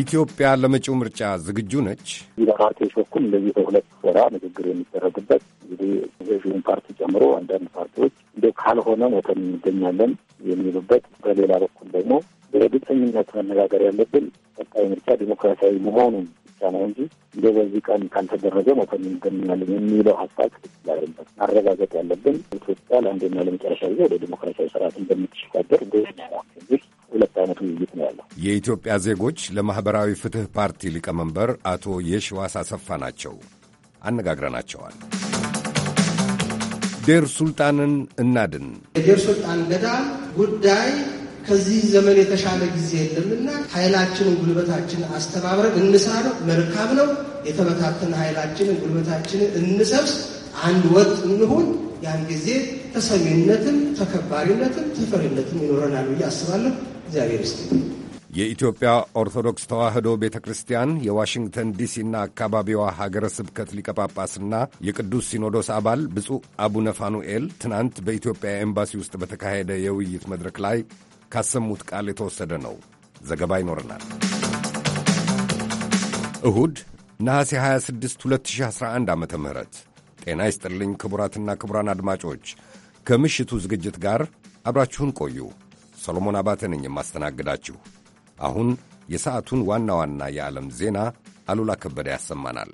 ኢትዮጵያ ለመጪው ምርጫ ዝግጁ ነች? በፓርቲዎች በኩል እንደዚህ በሁለት ወራ ንግግር የሚደረግበት እንግዲህ ገዥውን ፓርቲ ጨምሮ አንዳንድ ፓርቲዎች እንደ ካልሆነ ሞተን እንገኛለን የሚሉበት፣ በሌላ በኩል ደግሞ በግልጸኝነት መነጋገር ያለብን ቀጣይ ምርጫ ዲሞክራሲያዊ መሆኑን ብቻ ነው እንጂ እንደ በዚህ ቀን ካልተደረገ ሞተን እንገኛለን የሚለው ሀሳብ ትክክል አይደለም። ማረጋገጥ ያለብን ኢትዮጵያ ለአንደኛ ለመጨረሻ ጊዜ ወደ ዲሞክራሲያዊ ስርዓት እንደምትሸጋገር እንደ ሁለት አይነት ውይይት ነው ያለው። የኢትዮጵያ ዜጎች ለማኅበራዊ ፍትሕ ፓርቲ ሊቀመንበር አቶ የሽዋስ አሰፋ ናቸው። አነጋግረናቸዋል። ዴር ሱልጣንን እናድን የዴር ሱልጣን ገዳም ጉዳይ ከዚህ ዘመን የተሻለ ጊዜ የለምና ኃይላችንን ጉልበታችንን አስተባብረን እንስራ ነው። መልካም ነው። የተበታተነ ኃይላችንን ጉልበታችንን እንሰብስ፣ አንድ ወጥ እንሁን። ያን ጊዜ ተሰሚነትም ተከባሪነትም ተፈሪነትም ይኖረናል ብዬ አስባለሁ። እግዚአብሔር ይስጥልኝ። የኢትዮጵያ ኦርቶዶክስ ተዋሕዶ ቤተ ክርስቲያን የዋሽንግተን ዲሲና አካባቢዋ ሀገረ ስብከት ሊቀ ጳጳስና የቅዱስ ሲኖዶስ አባል ብፁዕ አቡነ ፋኑኤል ትናንት በኢትዮጵያ ኤምባሲ ውስጥ በተካሄደ የውይይት መድረክ ላይ ካሰሙት ቃል የተወሰደ ነው። ዘገባ ይኖረናል። እሁድ ነሐሴ 26 2011 ዓ ም ጤና ይስጥልኝ ክቡራትና ክቡራን አድማጮች ከምሽቱ ዝግጅት ጋር አብራችሁን ቆዩ። ሰሎሞን አባተ ነኝ የማስተናግዳችሁ። አሁን የሰዓቱን ዋና ዋና የዓለም ዜና አሉላ ከበደ ያሰማናል።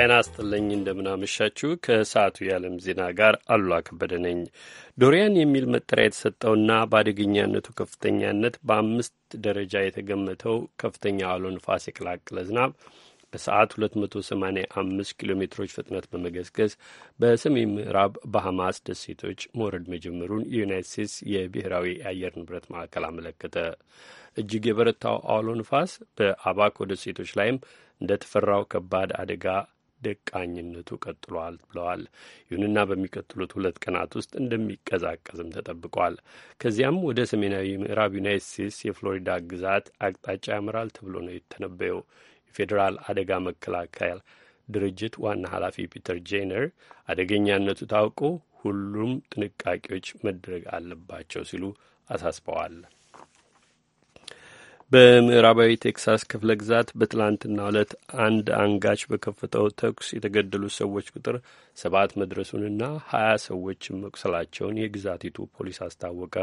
ጤና ስጥልኝ፣ እንደምናመሻችሁ። ከሰዓቱ የዓለም ዜና ጋር አሉላ ከበደ ነኝ። ዶሪያን የሚል መጠሪያ የተሰጠውና በአደገኛነቱ ከፍተኛነት በአምስት ደረጃ የተገመተው ከፍተኛ አውሎ ንፋስ የቀላቀለ ዝናብ በሰዓት 285 ኪሎ ሜትሮች ፍጥነት በመገስገስ በሰሜን ምዕራብ ባሃማስ ደሴቶች መውረድ መጀመሩን የዩናይት ስቴትስ የብሔራዊ የአየር ንብረት ማዕከል አመለከተ። እጅግ የበረታው አውሎ ንፋስ በአባኮ ደሴቶች ላይም እንደተፈራው ከባድ አደጋ ደቃኝነቱ ቀጥሏል ብለዋል። ይሁንና በሚቀጥሉት ሁለት ቀናት ውስጥ እንደሚቀዛቀዝም ተጠብቋል። ከዚያም ወደ ሰሜናዊ ምዕራብ ዩናይት ስቴትስ የፍሎሪዳ ግዛት አቅጣጫ ያምራል ተብሎ ነው የተነበየው። የፌዴራል አደጋ መከላከል ድርጅት ዋና ኃላፊ ፒተር ጄነር አደገኛነቱ ታውቆ ሁሉም ጥንቃቄዎች መደረግ አለባቸው ሲሉ አሳስበዋል። በምዕራባዊ ቴክሳስ ክፍለ ግዛት በትላንትና ዕለት አንድ አንጋች በከፈተው ተኩስ የተገደሉ ሰዎች ቁጥር ሰባት መድረሱንና ሀያ ሰዎች መቁሰላቸውን የግዛቲቱ ፖሊስ አስታወቀ።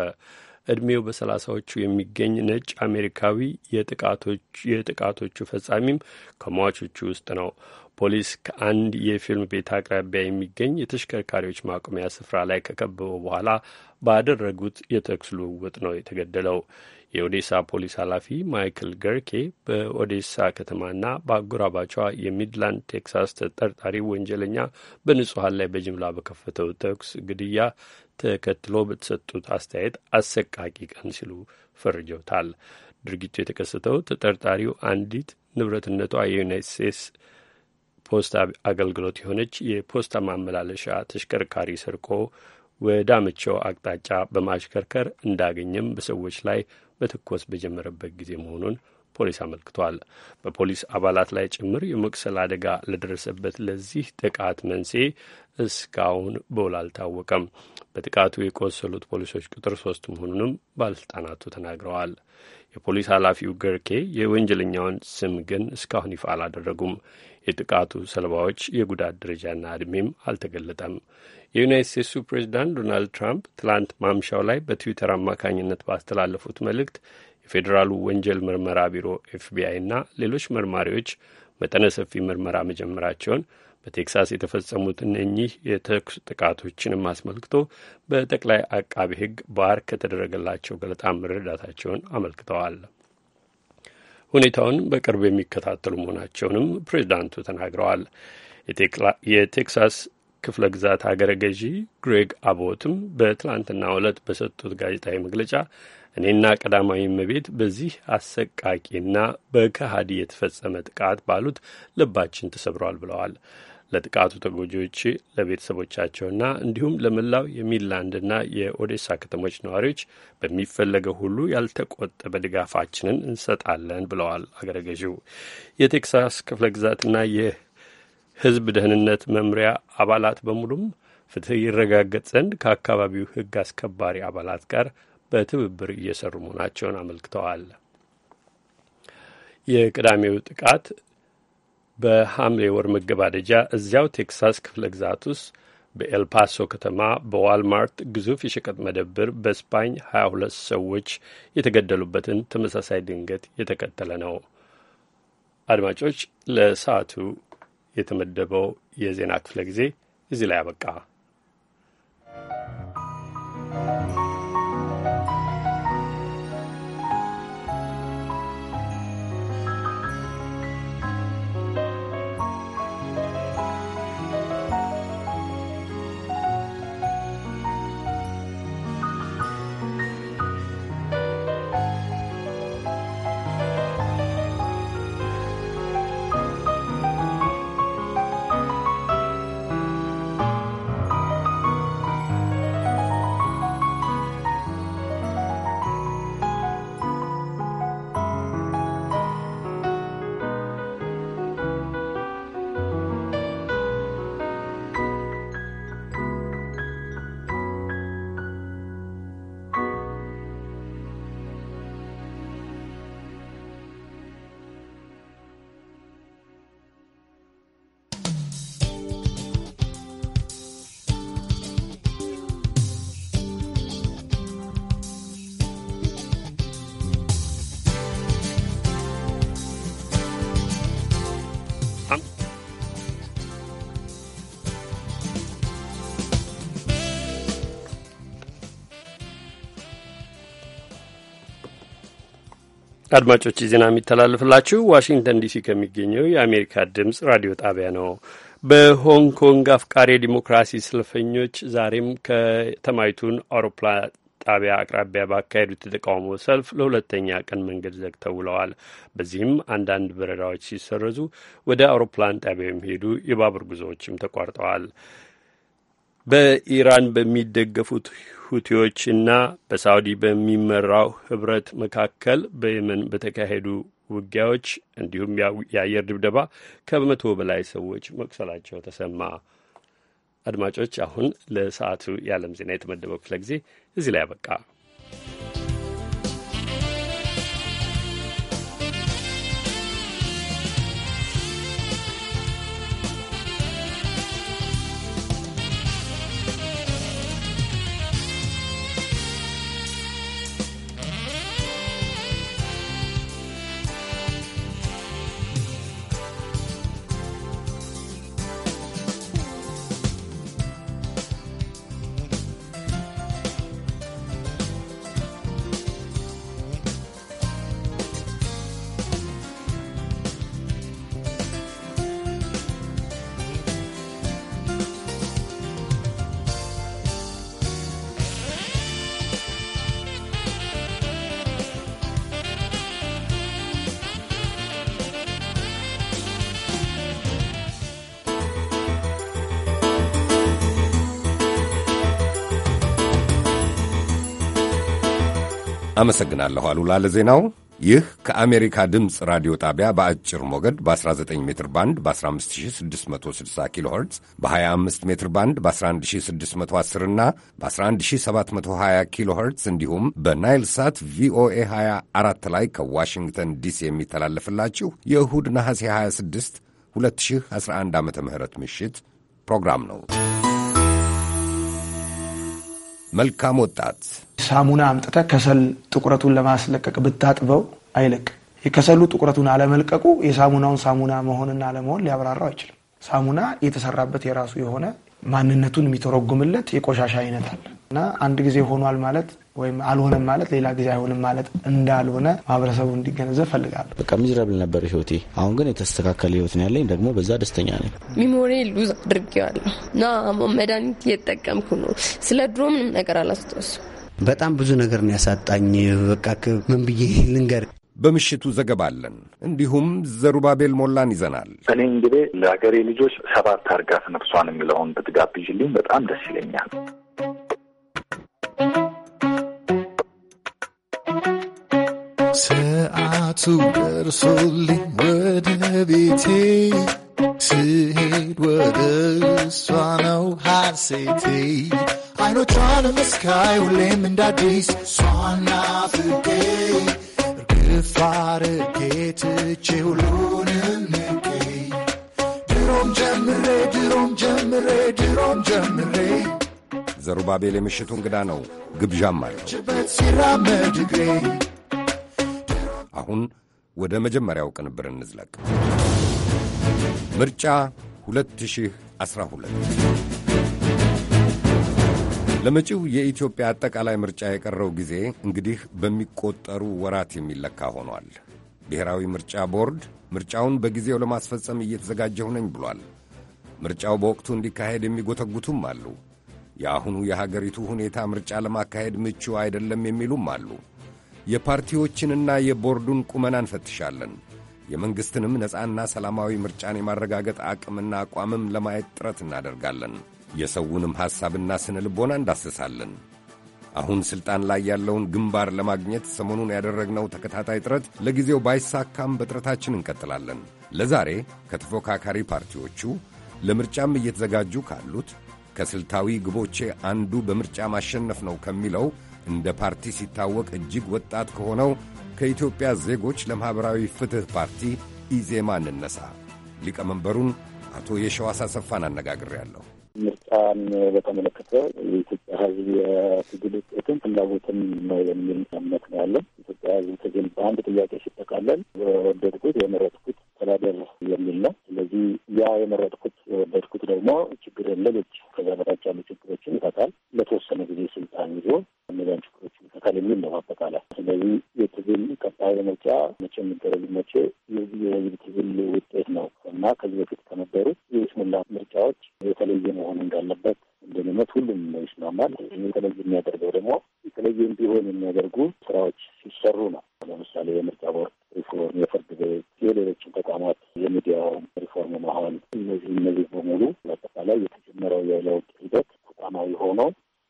እድሜው በሰላሳዎቹ የሚገኝ ነጭ አሜሪካዊ የጥቃቶቹ ፈጻሚም ከሟቾቹ ውስጥ ነው። ፖሊስ ከአንድ የፊልም ቤት አቅራቢያ የሚገኝ የተሽከርካሪዎች ማቆሚያ ስፍራ ላይ ከከበበው በኋላ ባደረጉት የተኩስ ልውውጥ ነው የተገደለው። የኦዴሳ ፖሊስ ኃላፊ ማይክል ገርኬ በኦዴሳ ከተማና በአጎራባቿ የሚድላንድ ቴክሳስ ተጠርጣሪ ወንጀለኛ በንጹሐን ላይ በጅምላ በከፈተው ተኩስ ግድያ ተከትሎ በተሰጡት አስተያየት አሰቃቂ ቀን ሲሉ ፈርጀውታል። ድርጊቱ የተከሰተው ተጠርጣሪው አንዲት ንብረትነቷ የዩናይት ስቴትስ ፖስታ አገልግሎት የሆነች የፖስታ ማመላለሻ ተሽከርካሪ ሰርቆ ወዳመቸው አቅጣጫ በማሽከርከር እንዳገኘም በሰዎች ላይ መተኮስ በጀመረበት ጊዜ መሆኑን ፖሊስ አመልክቷል። በፖሊስ አባላት ላይ ጭምር የመቁሰል አደጋ ለደረሰበት ለዚህ ጥቃት መንስኤ እስካሁን በውል አልታወቀም። በጥቃቱ የቆሰሉት ፖሊሶች ቁጥር ሶስት መሆኑንም ባለስልጣናቱ ተናግረዋል። የፖሊስ ኃላፊው ገርኬ የወንጀለኛውን ስም ግን እስካሁን ይፋ አላደረጉም። የጥቃቱ ሰለባዎች የጉዳት ደረጃና እድሜም አልተገለጠም። የዩናይት ስቴትሱ ፕሬዚዳንት ዶናልድ ትራምፕ ትላንት ማምሻው ላይ በትዊተር አማካኝነት ባስተላለፉት መልእክት የፌዴራሉ ወንጀል ምርመራ ቢሮ ኤፍቢአይ እና ሌሎች መርማሪዎች መጠነ ሰፊ ምርመራ መጀመራቸውን በቴክሳስ የተፈጸሙትን እኚህ የተኩስ ጥቃቶችንም አስመልክቶ በጠቅላይ አቃቢ ሕግ ባር ከተደረገላቸው ገለጣ መረዳታቸውን አመልክተዋል። ሁኔታውን በቅርብ የሚከታተሉ መሆናቸውንም ፕሬዚዳንቱ ተናግረዋል። የቴክሳስ ክፍለ ግዛት አገረ ገዢ ግሬግ አቦትም በትላንትና ዕለት በሰጡት ጋዜጣዊ መግለጫ እኔና ቀዳማዊ እመቤት በዚህ አሰቃቂና በከሃዲ የተፈጸመ ጥቃት ባሉት ልባችን ተሰብሯል ብለዋል። ለጥቃቱ ተጎጂዎች ለቤተሰቦቻቸውና እንዲሁም ለመላው የሚድላንድና የኦዴሳ ከተሞች ነዋሪዎች በሚፈለገው ሁሉ ያልተቆጠበ ድጋፋችንን እንሰጣለን ብለዋል። አገረ ገዢው የቴክሳስ ክፍለ ግዛትና የሕዝብ ደህንነት መምሪያ አባላት በሙሉም ፍትህ ይረጋገጥ ዘንድ ከአካባቢው ሕግ አስከባሪ አባላት ጋር በትብብር እየሰሩ መሆናቸውን አመልክተዋል። የቅዳሜው ጥቃት በሐምሌ ወር መገባደጃ እዚያው ቴክሳስ ክፍለ ግዛት ውስጥ በኤልፓሶ ከተማ በዋልማርት ግዙፍ የሸቀጥ መደብር በስፓኝ 22 ሰዎች የተገደሉበትን ተመሳሳይ ድንገት የተከተለ ነው። አድማጮች፣ ለሰዓቱ የተመደበው የዜና ክፍለ ጊዜ እዚህ ላይ አበቃ። አድማጮች ዜና የሚተላለፍላችሁ ዋሽንግተን ዲሲ ከሚገኘው የአሜሪካ ድምፅ ራዲዮ ጣቢያ ነው። በሆንግ ኮንግ አፍቃሪ ዲሞክራሲ ሰልፈኞች ዛሬም ከተማይቱን አውሮፕላን ጣቢያ አቅራቢያ ባካሄዱት የተቃውሞ ሰልፍ ለሁለተኛ ቀን መንገድ ዘግተው ውለዋል። በዚህም አንዳንድ በረራዎች ሲሰረዙ ወደ አውሮፕላን ጣቢያ የሚሄዱ የባቡር ጉዞዎችም ተቋርጠዋል። በኢራን በሚደገፉት ሁቲዎችና በሳውዲ በሚመራው ህብረት መካከል በየመን በተካሄዱ ውጊያዎች እንዲሁም የአየር ድብደባ ከመቶ በላይ ሰዎች መቁሰላቸው ተሰማ። አድማጮች፣ አሁን ለሰዓቱ የዓለም ዜና የተመደበው ክፍለ ጊዜ እዚህ ላይ አበቃ። አመሰግናለሁ አሉላ ለዜናው። ይህ ከአሜሪካ ድምፅ ራዲዮ ጣቢያ በአጭር ሞገድ በ19 ሜትር ባንድ በ15660 ኪሎ ኸርትዝ በ25 ሜትር ባንድ በ11610 እና በ11720 ኪሎ ኸርትዝ እንዲሁም በናይል ሳት ቪኦኤ 24 ላይ ከዋሽንግተን ዲሲ የሚተላለፍላችሁ የእሁድ ነሐሴ 26 2011 ዓ ም ምሽት ፕሮግራም ነው። መልካም ወጣት ሳሙና አምጥተ ከሰል ጥቁረቱን ለማስለቀቅ ብታጥበው አይለቅ። የከሰሉ ጥቁረቱን አለመልቀቁ የሳሙናውን ሳሙና መሆንና አለመሆን ሊያብራራው አይችልም። ሳሙና የተሰራበት የራሱ የሆነ ማንነቱን የሚተረጉምለት የቆሻሻ አይነት አለ። እና አንድ ጊዜ ሆኗል ማለት ወይም አልሆነም ማለት ሌላ ጊዜ አይሆንም ማለት እንዳልሆነ ማህበረሰቡ እንዲገነዘብ ፈልጋለሁ። በቃ ሚዝረብል ነበር ህይወቴ። አሁን ግን የተስተካከለ ህይወት ነው ያለኝ፣ ደግሞ በዛ ደስተኛ ነኝ። ሚሞሪ ሉዝ አድርጌዋለሁ እና መድኃኒት እየጠቀምኩ ነው። ስለ ድሮ ምንም ነገር አላስታውስም። በጣም ብዙ ነገር ነው ያሳጣኝ። በቃ ምን ብዬ ልንገር? በምሽቱ ዘገባ አለን። እንዲሁም ዘሩባቤል ሞላን ይዘናል። እኔ እንግዲህ ለሀገሬ ልጆች ሰባት አርጋት ነፍሷን የሚለውን ብትጋብዥልኝ በጣም ደስ ይለኛል። ሰዓቱ ደርሶልኝ ወደ ቤቴ ስሄድ ወደ እሷ ነው ሐሴቴ አይኖቿን መስካይ ሁሌም እንዳዲስ እሷና ፍቄ እርግፋር ጌትቼ ሁሉንም ንቄ ድሮም ጀምሬ ድሮም ጀምሬ ድሮም ጀምሬ ዘሩባቤል የምሽቱ እንግዳ ነው፣ ግብዣም አለው። አሁን ወደ መጀመሪያው ቅንብር እንዝለቅ። ምርጫ 2012 ለመጪው የኢትዮጵያ አጠቃላይ ምርጫ የቀረው ጊዜ እንግዲህ በሚቆጠሩ ወራት የሚለካ ሆኗል። ብሔራዊ ምርጫ ቦርድ ምርጫውን በጊዜው ለማስፈጸም እየተዘጋጀሁ ነኝ ብሏል። ምርጫው በወቅቱ እንዲካሄድ የሚጎተጉቱም አሉ። የአሁኑ የሀገሪቱ ሁኔታ ምርጫ ለማካሄድ ምቹ አይደለም የሚሉም አሉ። የፓርቲዎችንና የቦርዱን ቁመና እንፈትሻለን። የመንግሥትንም ነፃና ሰላማዊ ምርጫን የማረጋገጥ አቅምና አቋምም ለማየት ጥረት እናደርጋለን። የሰውንም ሐሳብና ስነ ልቦና እንዳስሳለን። አሁን ሥልጣን ላይ ያለውን ግንባር ለማግኘት ሰሞኑን ያደረግነው ተከታታይ ጥረት ለጊዜው ባይሳካም በጥረታችን እንቀጥላለን። ለዛሬ ከተፎካካሪ ፓርቲዎቹ ለምርጫም እየተዘጋጁ ካሉት ከስልታዊ ግቦቼ አንዱ በምርጫ ማሸነፍ ነው ከሚለው እንደ ፓርቲ ሲታወቅ እጅግ ወጣት ከሆነው ከኢትዮጵያ ዜጎች ለማኅበራዊ ፍትሕ ፓርቲ ኢዜማ እንነሳ። ሊቀመንበሩን አቶ የሸዋስ አሰፋን አነጋግሬያለሁ። ምርጫን በተመለከተ የኢትዮጵያ ሕዝብ የትግል ውጤትን ፍላጎትን ነው የሚል እምነት ነው ያለን። ኢትዮጵያ ሕዝብ ትግል በአንድ ጥያቄ ሲጠቃለል የወደድኩት የመረጥኩት አስተዳደር የሚል ነው። ስለዚህ ያ የመረጥኩት የወደድኩት ደግሞ ችግርን ሌሎች ከዛ በታች ያሉ ችግሮችን ይፈታል፣ ለተወሰነ ጊዜ ስልጣን ይዞ እነዚያን ችግሮችን ይፈታል የሚል ነው አጠቃላይ። ስለዚህ የትግል ቀጣይ ምርጫ መቼ የሚደረግ መቼ የህዝብ ትግል ውጤት ነው እና ከዚህ በፊት ከነበሩት የስሙላ ምርጫዎች የተለየ መሆን እንዳለበት ግንኙነት ሁሉም ይስማማል። የተለየ የሚያደርገው ደግሞ የተለየ ቢሆን የሚያደርጉ ስራዎች ሲሰሩ ነው። ለምሳሌ የምርጫ ቦርድ ሪፎርም፣ የፍርድ ቤት፣ የሌሎችን ተቋማት የሚዲያውን ሪፎርም መሆን እነዚህ እነዚህ በሙሉ በአጠቃላይ የተጀመረው የለውጥ ሂደት ተቋማዊ ሆኖ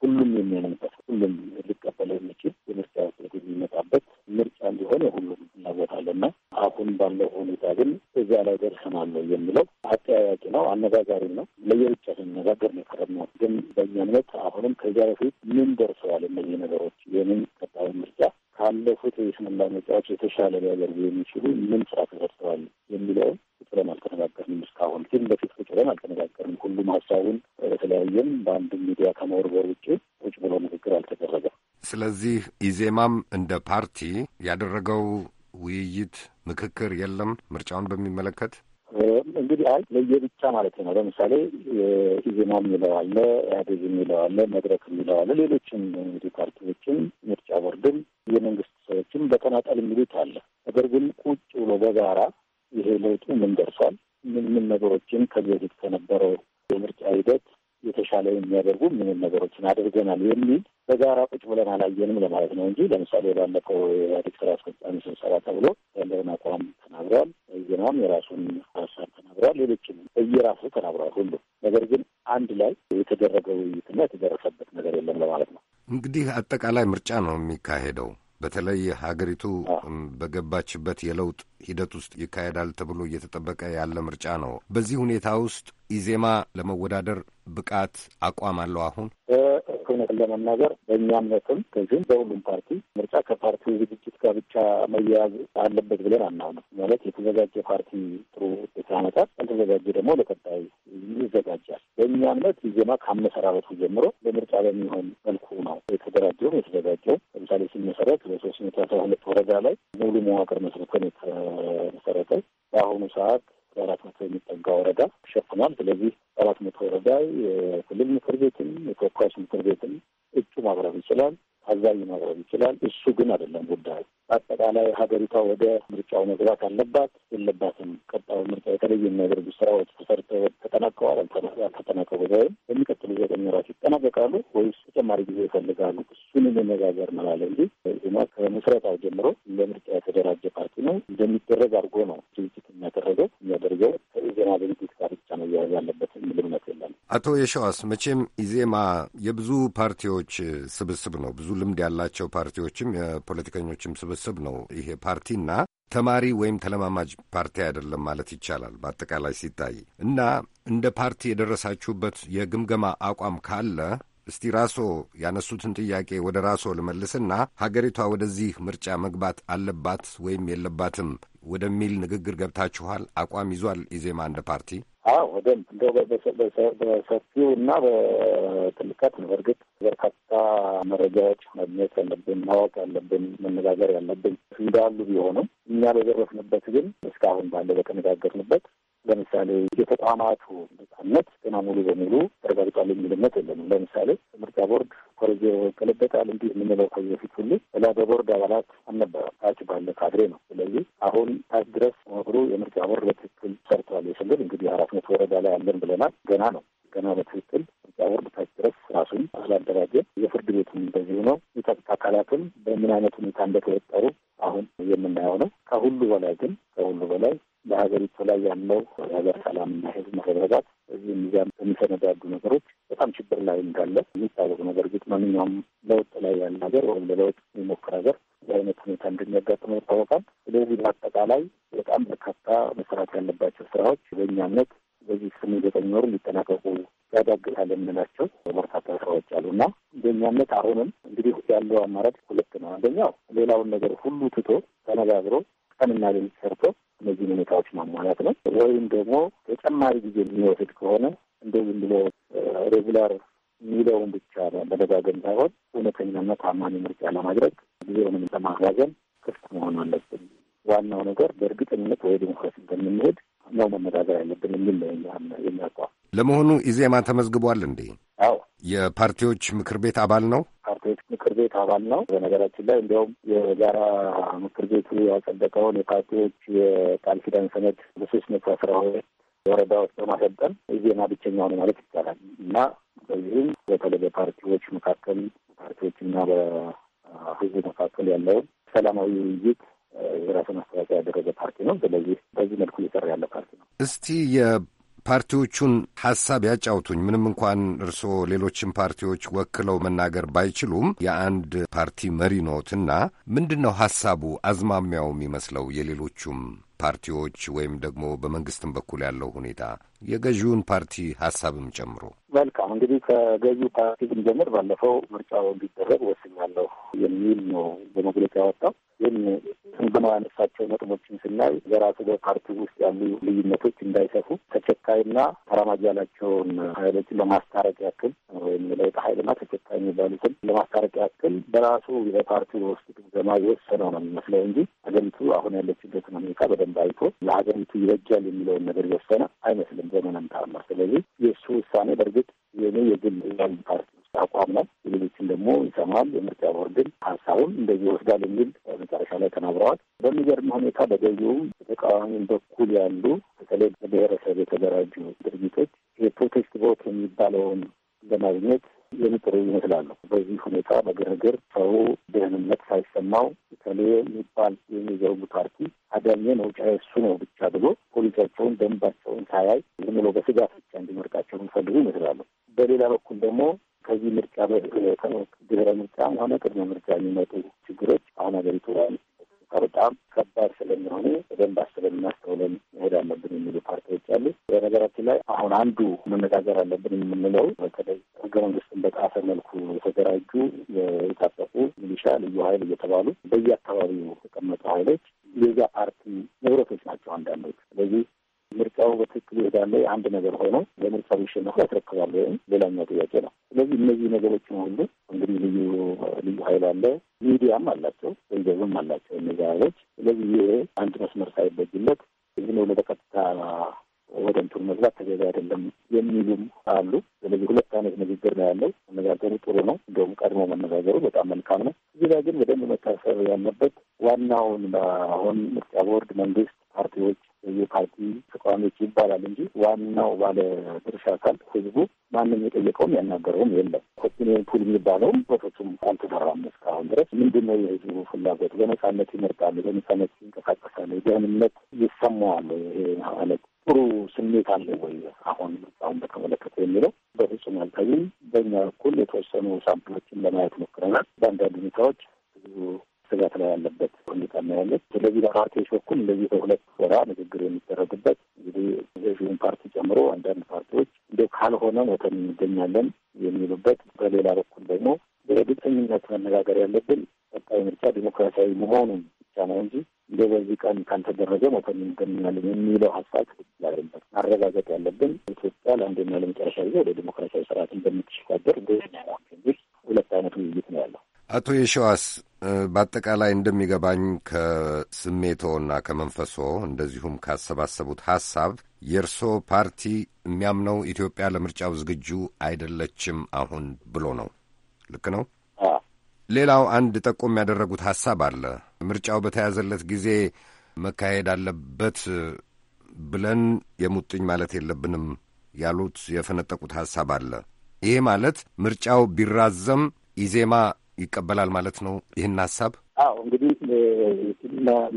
ሁሉም የሚያምንበት ሁሉም ሊቀበለው የሚችል የምርጫ ውጤት የሚመጣበት ምርጫ እንዲሆን የሁሉም እናወታለ አለና አሁን ባለው ሁኔታ ግን እዚያ ላይ ደርሰናል የሚለው አጠያያቂ ነው፣ አነጋጋሪ ነው። ለየብቻ ስንነጋገር ነው የከረምነው። ግን በእኛ እምነት አሁንም ከዚያ በፊት ምን ደርሰዋል እነዚህ ነገሮች የምን ቀጣዩ ምርጫ ካለፉት የስምላ ምርጫዎች የተሻለ ሊያደርጉ የሚችሉ ምን ስራ አንድ ሚዲያ ከመወርወር ውጭ ቁጭ ብሎ ንግግር አልተደረገም። ስለዚህ ኢዜማም እንደ ፓርቲ ያደረገው ውይይት ምክክር የለም ምርጫውን በሚመለከት እንግዲህ አይ ለየብቻ ማለት ነው። ለምሳሌ ኢዜማ የሚለው አለ፣ ኢህአዴግ የሚለው መድረክ የሚለው ሌሎችም እንግዲህ ፓርቲዎችም ምርጫ ቦርድም የመንግስት ሰዎችም በተናጠል የሚሉት አለ። ነገር ግን ቁጭ ብሎ በጋራ ይሄ ለውጡ ምን ደርሷል፣ ምን ምን ነገሮችን ከዚህ በፊት ከነበረው የምርጫ ሂደት የተሻለ የሚያደርጉ ምንም ነገሮችን አድርገናል የሚል በጋራ ቁጭ ብለን አላየንም ለማለት ነው እንጂ ለምሳሌ ባለፈው የኢህአዴግ ስራ አስፈጻሚ ስብሰባ ተብሎ ያለውን አቋም ተናግረዋል። ዜናም የራሱን ሀሳብ ተናግረዋል። ሌሎችም እየራሱ ተናግረዋል ሁሉ ነገር ግን አንድ ላይ የተደረገ ውይይትና የተደረሰበት ነገር የለም ለማለት ነው። እንግዲህ አጠቃላይ ምርጫ ነው የሚካሄደው በተለይ ሀገሪቱ በገባችበት የለውጥ ሂደት ውስጥ ይካሄዳል ተብሎ እየተጠበቀ ያለ ምርጫ ነው። በዚህ ሁኔታ ውስጥ ኢዜማ ለመወዳደር ብቃት አቋም አለው? አሁን እውነት ለመናገር በእኛ እምነትም ከዚህም በሁሉም ፓርቲ ምርጫ ከፓርቲው ዝግጅት ጋር ብቻ መያያዝ አለበት ብለን አናምንም። ማለት የተዘጋጀ ፓርቲ ጥሩ ውጤት ያመጣል፣ ያልተዘጋጀ ደግሞ ለቀጣይ ይዘጋጃል። በእኛ እምነት ኢዜማ ከአመሰራረቱ ጀምሮ ለምርጫ በሚሆን መልኩ ነው የተደራጀውም የተዘጋጀው። ለምሳሌ ሲመሰረት በሶስት መቶ አስራ ሁለት ወረዳ ላይ ሙሉ መዋቅር መስርተን የተመሰረተ በአሁኑ ሰዓት አራት መቶ የሚጠጋ ወረዳ ተሸፍኗል። ስለዚህ አራት መቶ ወረዳ የክልል ምክር ቤትም የተወካዮች ምክር ቤትም እጩ ማቅረብ ይችላል፣ አዛኝ ማቅረብ ይችላል። እሱ ግን አይደለም ጉዳዩ በአጠቃላይ ሀገሪቷ ወደ ምርጫው መግባት አለባት የለባትም፣ ቀጣዩ ምርጫ የተለየ የሚያደርጉ ስራዎች ተሰርተው ተጠናቀዋል አልተጠናቀቁ ወይም በሚቀጥሉ ዘጠኝ ወራት ይጠናቀቃሉ ወይስ ተጨማሪ ጊዜ ይፈልጋሉ? እሱን የመነጋገር መላለ እንጂ ዜማ ከመስረታው ጀምሮ ለምርጫ የተደራጀ ፓርቲ ነው እንደሚደረግ አድርጎ ነው ድርጅት የሚያደረገው የሚያደርገው ዜማ ድርጅት ጋር ብቻ ነው እያያዝ ያለበት የሚል እምነት የለም። አቶ የሸዋስ መቼም ኢዜማ የብዙ ፓርቲዎች ስብስብ ነው። ብዙ ልምድ ያላቸው ፓርቲዎችም የፖለቲከኞችም ስብስብ ስብስብ ነው ይሄ ፓርቲና ተማሪ ወይም ተለማማጅ ፓርቲ አይደለም ማለት ይቻላል በአጠቃላይ ሲታይ እና እንደ ፓርቲ የደረሳችሁበት የግምገማ አቋም ካለ እስቲ ራስዎ ያነሱትን ጥያቄ ወደ ራስዎ ልመልስና ሀገሪቷ ወደዚህ ምርጫ መግባት አለባት ወይም የለባትም ወደሚል ንግግር ገብታችኋል? አቋም ይዟል ኢዜማ እንደ ፓርቲ? አዎ በደንብ እንደው በሰፊው እና በጥልቀት ነው። በእርግጥ በርካታ መረጃዎች ማግኘት ያለብን፣ ማወቅ ያለብን፣ መነጋገር ያለብን እንዳሉ ቢሆኑም እኛ በዘረፍንበት ግን እስካሁን ባለ በተነጋገርንበት ለምሳሌ የተቋማቱ ነጻነት ገና ሙሉ በሙሉ ተረጋግጧል የሚል እምነት የለንም። ለምሳሌ ምርጫ ቦርድ ኮረጆ ይገለበጣል እንዲህ የምንለው ከዚህ በፊት ሁሉ በላ በቦርድ አባላት አልነበረም። ታች ባለ ካድሬ ነው። ስለዚህ አሁን ታች ድረስ መሩ የምርጫ ቦርድ በትክክል ሰርቷል ስንል እንግዲህ አራት መቶ ወረዳ ላይ አለን ብለናል። ገና ነው። ገና በትክክል ምርጫ ቦርድ ታች ድረስ ራሱን አላደራጀ። የፍርድ ቤቱም በዚሁ ነው። የጸጥታ አካላትም በምን አይነት ሁኔታ እንደተወጠሩ አሁን የምናየው ነው። ከሁሉ በላይ ግን ከሁሉ በላይ በሀገሪቱ ላይ ያለው የሀገር ሰላምና ህዝብ መረጋጋት እዚህም እዚያም በሚሰነዳዱ ነገሮች በጣም ችግር ላይ እንዳለ የሚታወቅ ነው። በእርግጥ ማንኛውም ለውጥ ላይ ያለ ሀገር ወይም ለለውጥ የሚሞክር ሀገር የአይነት ሁኔታ እንደሚያጋጥመው ይታወቃል። ስለዚህ በአጠቃላይ በጣም በርካታ መሰራት ያለባቸው ስራዎች በእኛ እምነት በዚህ ስምንት ዘጠኝ ወር ሊጠናቀቁ ያዳግታል የምንላቸው በርካታ ስራዎች አሉና በእኛ እምነት አሁንም እንግዲህ ያለው አማራጭ ሁለት ነው። አንደኛው ሌላውን ነገር ሁሉ ትቶ ተነጋግሮ ቀንና ሌሊት ሰርቶ እነዚህን ሁኔታዎች ማሟላት ነው። ወይም ደግሞ ተጨማሪ ጊዜ የሚወስድ ከሆነ እንደዚህም ብሎ ሬጉላር የሚለውን ብቻ መደጋገም ሳይሆን እውነተኛና ታማኝ ምርጫ ለማድረግ ጊዜውንም ለማራዘም ክፍት መሆን አለብን። ዋናው ነገር በእርግጠኝነት ወደ ዲሞክራሲ እንደምንሄድ ነው መነጋገር ያለብን የሚል ነው የሚያቋም። ለመሆኑ ኢዜማ ተመዝግቧል እንዴ? አዎ። የፓርቲዎች ምክር ቤት አባል ነው። ፓርቲዎች ምክር ቤት አባል ነው። በነገራችን ላይ እንዲያውም የጋራ ምክር ቤቱ ያጸደቀውን የፓርቲዎች የቃል ኪዳን ሰነድ በሶስት መቶ አስራ ሁለት ወረዳዎች በማሰልጠን ኢዜማ ብቸኛ ሆነ ማለት ይቻላል እና በዚህም በተለይ በፓርቲዎች መካከል ፓርቲዎችና በህዝብ መካከል ያለውን ሰላማዊ ውይይት የራሱን አስተዋጽኦ ያደረገ ፓርቲ ነው። ስለዚህ በዚህ መልኩ እየሰራ ያለ ፓርቲ ነው። እስቲ ፓርቲዎቹን ሐሳብ ያጫውቱኝ። ምንም እንኳን እርስዎ ሌሎችን ፓርቲዎች ወክለው መናገር ባይችሉም የአንድ ፓርቲ መሪ ኖትና ምንድን ነው ሐሳቡ አዝማሚያው የሚመስለው የሌሎቹም ፓርቲዎች ወይም ደግሞ በመንግስትም በኩል ያለው ሁኔታ የገዢውን ፓርቲ ሐሳብም ጨምሮ መልካም እንግዲህ ከገዢው ፓርቲ ብንጀምር ባለፈው ምርጫው እንዲደረግ ወስኛለሁ የሚል ነው በመግለጫ ያወጣው። ግን ትንብና ያነሳቸው ነጥቦችን ስናይ በራሱ በፓርቲ ውስጥ ያሉ ልዩነቶች እንዳይሰፉ ተቸካይና ተራማጅ ያላቸውን ኃይሎችን ለማስታረቅ ያክል ወይም ለውጥ ሀይልና ተቸካይ የሚባሉትን ለማስታረቅ ያክል በራሱ በፓርቲ ውስጥ ግምገማ የወሰነው ነው የሚመስለው እንጂ ሀገሪቱ አሁን ያለችበት ሁኔታ በደንብ አይቶ ለሀገሪቱ ይበጃል የሚለውን ነገር የወሰነ አይመስልም። ታምር። ስለዚህ የእሱ ውሳኔ በእርግጥ ውጤት የኔ የግል ያሉ ፓርቲ ውስጥ አቋም ነው። የሌሎችን ደግሞ ይሰማል። የምርጫ ቦርድን ሀሳቡን እንደዚህ ይወስዳል የሚል መጨረሻ ላይ ተናግረዋል። በሚገርም ሁኔታ በገዢውም በተቃዋሚም በኩል ያሉ በተለይ በብሔረሰብ የተደራጁ ድርጅቶች የፕሮቴስት ቦት የሚባለውን ለማግኘት የሚጥሩ ይመስላሉ። በዚህ ሁኔታ በግርግር ሰው ደህንነት ሳይሰማው ተሌ የሚባል የሚዘውጉ ፓርቲ አዳኘ መውጫ የሱ ነው ብቻ ብሎ ፖሊሳቸውን ደንባቸውን ሳያይ ዝም ብሎ በስጋት ብቻ እንዲመርጣቸው የሚፈልጉ ይመስላሉ። በሌላ በኩል ደግሞ ከዚህ ምርጫ ድህረ ምርጫ ሆነ ቅድመ ምርጫ የሚመጡ ችግሮች አሁን ሀገሪቱ ላይ በጣም ከባድ ስለሚሆኑ በደንብ አስበን እናስተውለን መሄድ አለብን የሚሉ ፓርቲዎች አሉ። በነገራችን ላይ አሁን አንዱ መነጋገር አለብን የምንለው በተለይ ህገ መንግስትን በጣፈ መልኩ የተደራጁ የታጠቁ ሚሊሻ፣ ልዩ ኃይል እየተባሉ በየአካባቢው የተቀመጡ ኃይሎች የዛ ፓርቲ ንብረቶች ናቸው አንዳንዶች። ስለዚህ ምርጫው በትክክል ይሄዳለ አንድ ነገር ሆኖ ለምርጫ ሊሸነፉ ያስረክባለ ወይም ሌላኛው ጥያቄ ነው። ስለዚህ እነዚህ ነገሮች ሁሉ እንግዲህ ልዩ ልዩ ኃይል አለ፣ ሚዲያም አላቸው፣ ገንዘብም አላቸው እነዚህ ኃይሎች። ስለዚህ ይሄ አንድ መስመር ሳይበጅለት እዚህ ነው ለተቀጥታ ወደ እንትኑ መግባት ተገቢ አይደለም የሚሉም አሉ። ስለዚህ ሁለት አይነት ንግግር ነው ያለው። መነጋገሩ ጥሩ ነው፣ እንደውም ቀድሞ መነጋገሩ በጣም መልካም ነው። እዚህ ላይ ግን በደንብ መታሰብ ያለበት ዋናውን አሁን ምርጫ ቦርድ መንግስት ፓርቲዎች የፓርቲ ተቃዋሚዎች ይባላል እንጂ ዋናው ባለ ድርሻ አካል ህዝቡ ማንም የጠየቀውም ያናገረውም የለም። ኦፒኒየን ፑል የሚባለውም ቦቶቹም አልተሰራም እስካሁን ድረስ። ምንድን ነው የህዝቡ ፍላጎት? በነጻነት ይመርጣል፣ በነጻነት ይንቀሳቀሳል፣ ደህንነት ይሰማዋል። ይሄ ማለት ጥሩ ስሜት አለ ወይ አሁን ምርጫውን በተመለከተ የሚለው በፍጹም አልታይም። በእኛ በኩል የተወሰኑ ሳምፕሎችን ለማየት ሞክረናል። በአንዳንድ ሁኔታዎች ስጋት ላይ ያለበት ሁኔታ ያለች። ስለዚህ በፓርቲዎች በኩል እንደዚህ በሁለት ወራ ንግግር የሚደረግበት እንግዲህ ገዥውን ፓርቲ ጨምሮ አንዳንድ ፓርቲዎች እንዲያው ካልሆነ ሞተን እንገኛለን የሚሉበት፣ በሌላ በኩል ደግሞ በእርግጠኝነት መነጋገር ያለብን ቀጣይ ምርጫ ዲሞክራሲያዊ መሆኑን ብቻ ነው እንጂ እንደ በዚህ ቀን ካልተደረገ ሞተን እንገኛለን የሚለው ሀሳብ ትክክል አይደለም። ማረጋገጥ ያለብን ኢትዮጵያ ለአንዴና ለመጨረሻ ጊዜ ወደ ዲሞክራሲያዊ ስርዓት እንደምትሸጋገር ሁለት አይነት ውይይት ነው ያለው። አቶ የሸዋስ በአጠቃላይ እንደሚገባኝ ከስሜቶና ከመንፈሶ እንደዚሁም ካሰባሰቡት ሐሳብ የእርሶ ፓርቲ የሚያምነው ኢትዮጵያ ለምርጫው ዝግጁ አይደለችም አሁን ብሎ ነው። ልክ ነው። ሌላው አንድ ጠቆም ያደረጉት ሐሳብ አለ። ምርጫው በተያዘለት ጊዜ መካሄድ አለበት ብለን የሙጥኝ ማለት የለብንም ያሉት የፈነጠቁት ሐሳብ አለ። ይሄ ማለት ምርጫው ቢራዘም ኢዜማ ይቀበላል ማለት ነው ይህን ሀሳብ? አዎ እንግዲህ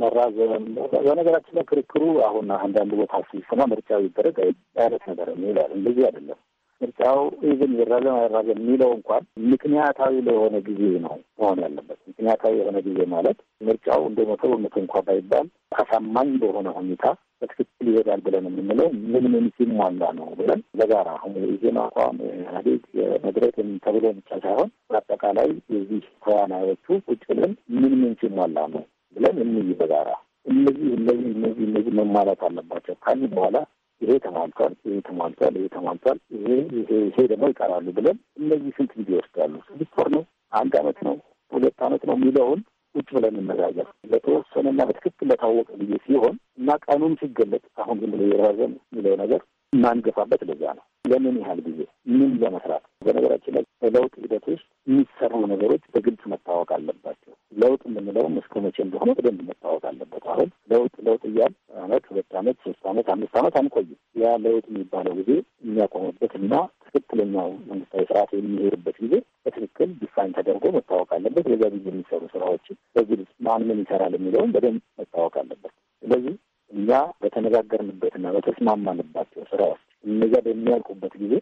መራዘም በነገራችን ላይ ክርክሩ አሁን አንዳንድ ቦታ ሲሰማ ምርጫው ይደረግ አይነት ነገር ይላል። እንደዚህ አይደለም። ምርጫው ኢቭን ይራዘም አይራዘም የሚለው እንኳን ምክንያታዊ ለሆነ ጊዜ ነው መሆን ያለበት። ምክንያታዊ የሆነ ጊዜ ማለት ምርጫው እንደ መቶ በመቶ እንኳ ባይባል አሳማኝ በሆነ ሁኔታ በትክክል ይሄዳል ብለን የምንለው ምን ምን ሲሟላ ነው ብለን በጋራ አሁን የኢዜማ አቋም ኢህአዴግ መድረክ ተብሎ ብቻ ሳይሆን በአጠቃላይ የዚህ ተዋናዮቹ ቁጭ ብለን ምን ምን ሲሟላ ነው ብለን እንይ በጋራ እነዚህ እነዚህ እነዚህ እነዚህ መሟላት አለባቸው ካሉ በኋላ ይሄ ተሟልቷል፣ ይሄ ተሟልቷል፣ ይሄ ተሟልቷል፣ ይሄ ይሄ ይሄ ደግሞ ይቀራሉ ብለን እነዚህ ስንት ጊዜ ይወስዳሉ? ስድስት ወር ነው? አንድ አመት ነው? ሁለት አመት ነው የሚለውን ውጭ ብለን እንነጋገር። ለተወሰነና በትክክል ለታወቀ ጊዜ ሲሆን እና ቀኑም ሲገለጥ አሁን ዝም ብሎ የራዘም የሚለው ነገር እናንገፋበት ለዛ ነው። ለምን ያህል ጊዜ ምን ለመስራት? በነገራችን ላይ በለውጥ ሂደት ውስጥ የሚሰሩ ነገሮች በግልጽ መታወቅ አለባቸው። ለውጥ የምንለውም እስከ መቼ እንደሆነ በደንብ መታወቅ አለበት። አሁን ለውጥ ለውጥ እያል አመት፣ ሁለት አመት፣ ሶስት አመት፣ አምስት አመት አንቆይም። ያ ለውጥ የሚባለው ጊዜ የሚያቆምበት እና ትክክለኛው መንግስታዊ ስርዓት የሚሄድበት ጊዜ በትክክል ዲፋይን ተደርጎ መታወቅ አለበት። በዛ ጊዜ የሚሰሩ ስራዎችን በግልጽ ማን ምን ይሰራል የሚለውም በደንብ መታወቅ አለበት። ስለዚህ እኛ በተነጋገርንበትና በተስማማንባቸው ስራዎች እነዚያ በሚያውቁበት ጊዜ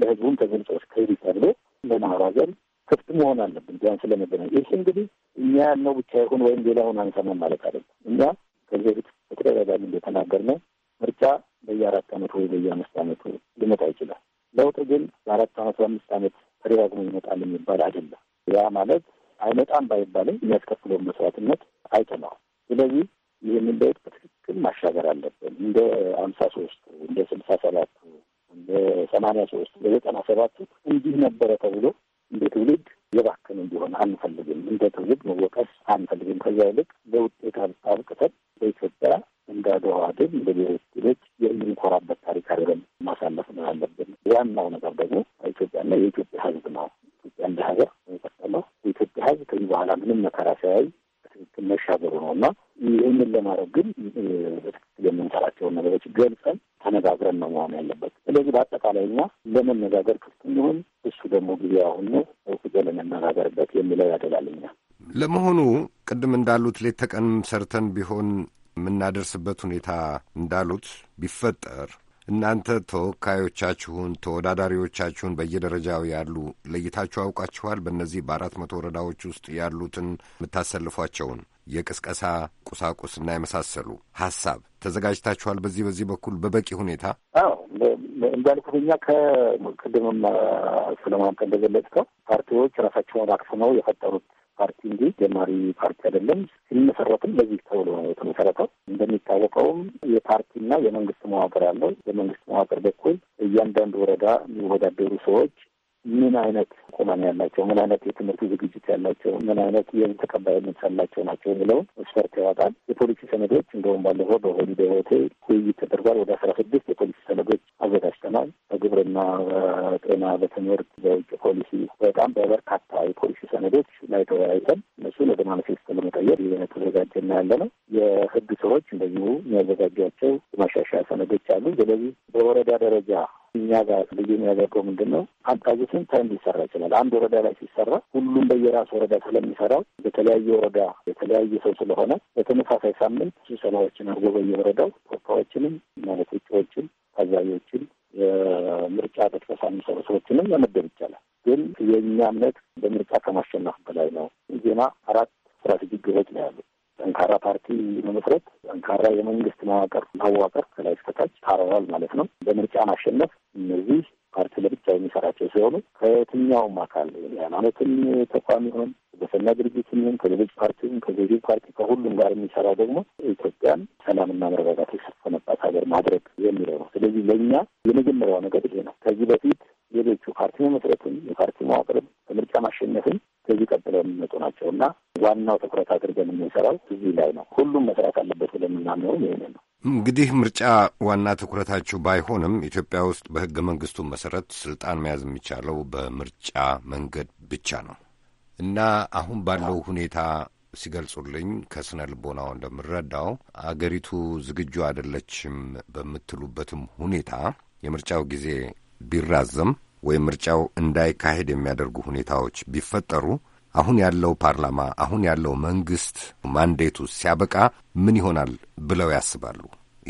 ለህዝቡም ተገልጾ እስከሄድ ተብሎ ለማህራዘን ክፍት መሆን አለብን። ቢያንስ ለመገናኘት ይህ እንግዲህ እኛ ያልነው ብቻ ይሁን ወይም ሌላውን አንሰማም ማለት አለም። እኛ ከዚህ በፊት በተደጋጋሚ እንደተናገርነው ምርጫ በየአራት አመቱ ወይ በየአምስት አመቱ ሊመጣ ይችላል። ለውጥ ግን በአራት አመት በአምስት አመት ተደጋግሞ ይመጣል የሚባል አይደለም። ያ ማለት አይመጣም ባይባልም የሚያስከፍለውን መስዋዕትነት አይተነዋል። ስለዚህ ይህንን ለውጥ በትክክል ማሻገር አለብን። እንደ አምሳ ሶስት በሰማንያ ሶስት በዘጠና ሰባቱ እንዲህ ነበረ ተብሎ እንደ ትውልድ የባከነ እንዲሆን አንፈልግም። እንደ ትውልድ መወቀስ አንፈልግም። ከዚያ ይልቅ በውጤት አብቅተን በኢትዮጵያ እንደ አድዋ ድል እንደ ብሔሮች ድሎች የምንኮራበት ታሪክ አድርገን ማሳለፍ ነው ያለብን። ዋናው ነገር ደግሞ ኢትዮጵያና የኢትዮጵያ ሕዝብ ነው። ኢትዮጵያ እንደ ሀገር የሚቀጠለው የኢትዮጵያ ሕዝብ ከዚህ በኋላ ምንም መከራ ሳያይ ትክክል መሻገሩ ነው እና ይህንን ለማድረግ ግን በትክክል የምንሰራቸውን ነገሮች ገልጸን ተነጋግረን ነው መሆን ያለብን። ስለዚህ በአጠቃላይ እኛ ለመነጋገር ክፍት እንሆን። እሱ ደግሞ ጊዜ አሁን ነው ወስዶ ለመነጋገርበት የሚለው ያደላል። ለመሆኑ ቅድም እንዳሉት ሌት ተቀን ሰርተን ቢሆን የምናደርስበት ሁኔታ እንዳሉት ቢፈጠር እናንተ ተወካዮቻችሁን ተወዳዳሪዎቻችሁን በየደረጃው ያሉ ለይታችሁ አውቃችኋል? በእነዚህ በአራት መቶ ወረዳዎች ውስጥ ያሉትን የምታሰልፏቸውን የቅስቀሳ ቁሳቁስና የመሳሰሉ ሀሳብ ተዘጋጅታችኋል? በዚህ በዚህ በኩል በበቂ ሁኔታ አዎ፣ እንዳልኩኛ ከቅድም ስለማን እንደገለጽከው ፓርቲዎች ራሳቸውን አክስመው የፈጠሩት ፓርቲ እንጂ ጀማሪ ፓርቲ አይደለም። ሲመሰረትም በዚህ ተብሎ ነው የተመሰረተው። እንደሚታወቀውም የፓርቲና የመንግስት መዋቅር አለው። የመንግስት መዋቅር በኩል እያንዳንዱ ወረዳ የሚወዳደሩ ሰዎች ምን አይነት ቁመና ያላቸው፣ ምን አይነት የትምህርት ዝግጅት ያላቸው፣ ምን አይነት የህዝብ ተቀባይነት ያላቸው ናቸው የሚለውን መስፈርት ያወጣል። የፖሊሲ ሰነዶች እንደውም ባለፈው በሆሊደ ሆቴል ውይይት ተደርጓል። ወደ አስራ ስድስት የፖሊሲ ሰነዶች አዘጋጅተናል። በግብርና፣ በጤና፣ በትምህርት፣ በውጭ ፖሊሲ በጣም በበርካታ የፖሊሲ ሰነዶች ላይ ተወያይተን እነሱን ወደ ማኒፌስቶ ለመቀየር የተዘጋጀና ያለ ነው። የህግ ሰዎች እንደዚሁ የሚያዘጋጇቸው የማሻሻያ ሰነዶች አሉ። ስለዚህ በወረዳ ደረጃ እኛ ጋር ልዩ የሚያደርገው ምንድን ነው? አቃዡ ታይም ሊሰራ ይችላል ይቻላል። አንድ ወረዳ ላይ ሲሰራ ሁሉም በየራሱ ወረዳ ስለሚሰራው በተለያየ ወረዳ የተለያየ ሰው ስለሆነ በተመሳሳይ ሳምንት ስብሰባዎችን አድርጎ በየወረዳው ተወካዮችንም ማለት ውጭዎችን፣ ታዛቢዎችን፣ የምርጫ ቅስቀሳ ሰበሰቦችንም መመደብ ይቻላል። ግን የእኛ እምነት በምርጫ ከማሸነፍ በላይ ነው። ዜና አራት ስትራቴጂክ ግቦች ነው ያሉት ጠንካራ ፓርቲ መመስረት፣ ጠንካራ የመንግስት መዋቅር ማዋቀር ከላይ እስከታች ታረዋል ማለት ነው። በምርጫ ማሸነፍ እነዚህ ፓርቲ ለብቻ የሚሰራቸው ሲሆኑ ከየትኛውም አካል የሃይማኖትም ተቋም ይሆን በሰና ድርጅት ይሁን ከሌሎች ፓርቲም ከገዢው ፓርቲ ከሁሉም ጋር የሚሰራው ደግሞ ኢትዮጵያን ሰላምና መረጋጋት የሰፈነባት ሀገር ማድረግ የሚለው ነው። ስለዚህ ለእኛ የመጀመሪያው ነገር ይሄ ነው። ከዚህ በፊት ሌሎቹ ፓርቲ መመስረትም የፓርቲ መዋቅርም በምርጫ ማሸነፍም ከዚህ ቀጥለው የሚመጡ ናቸው እና ዋናው ትኩረት አድርገን የምንሰራው እዚህ ላይ ነው። ሁሉም መስራት አለበት ብለን የምናምነው ይሄንን ነው። እንግዲህ ምርጫ ዋና ትኩረታችሁ ባይሆንም ኢትዮጵያ ውስጥ በሕገ መንግስቱ መሰረት ስልጣን መያዝ የሚቻለው በምርጫ መንገድ ብቻ ነው እና አሁን ባለው ሁኔታ ሲገልጹልኝ ከስነ ልቦናው እንደምረዳው አገሪቱ ዝግጁ አይደለችም በምትሉበትም ሁኔታ የምርጫው ጊዜ ቢራዘም ወይም ምርጫው እንዳይካሄድ የሚያደርጉ ሁኔታዎች ቢፈጠሩ አሁን ያለው ፓርላማ አሁን ያለው መንግስት ማንዴቱ ሲያበቃ ምን ይሆናል ብለው ያስባሉ?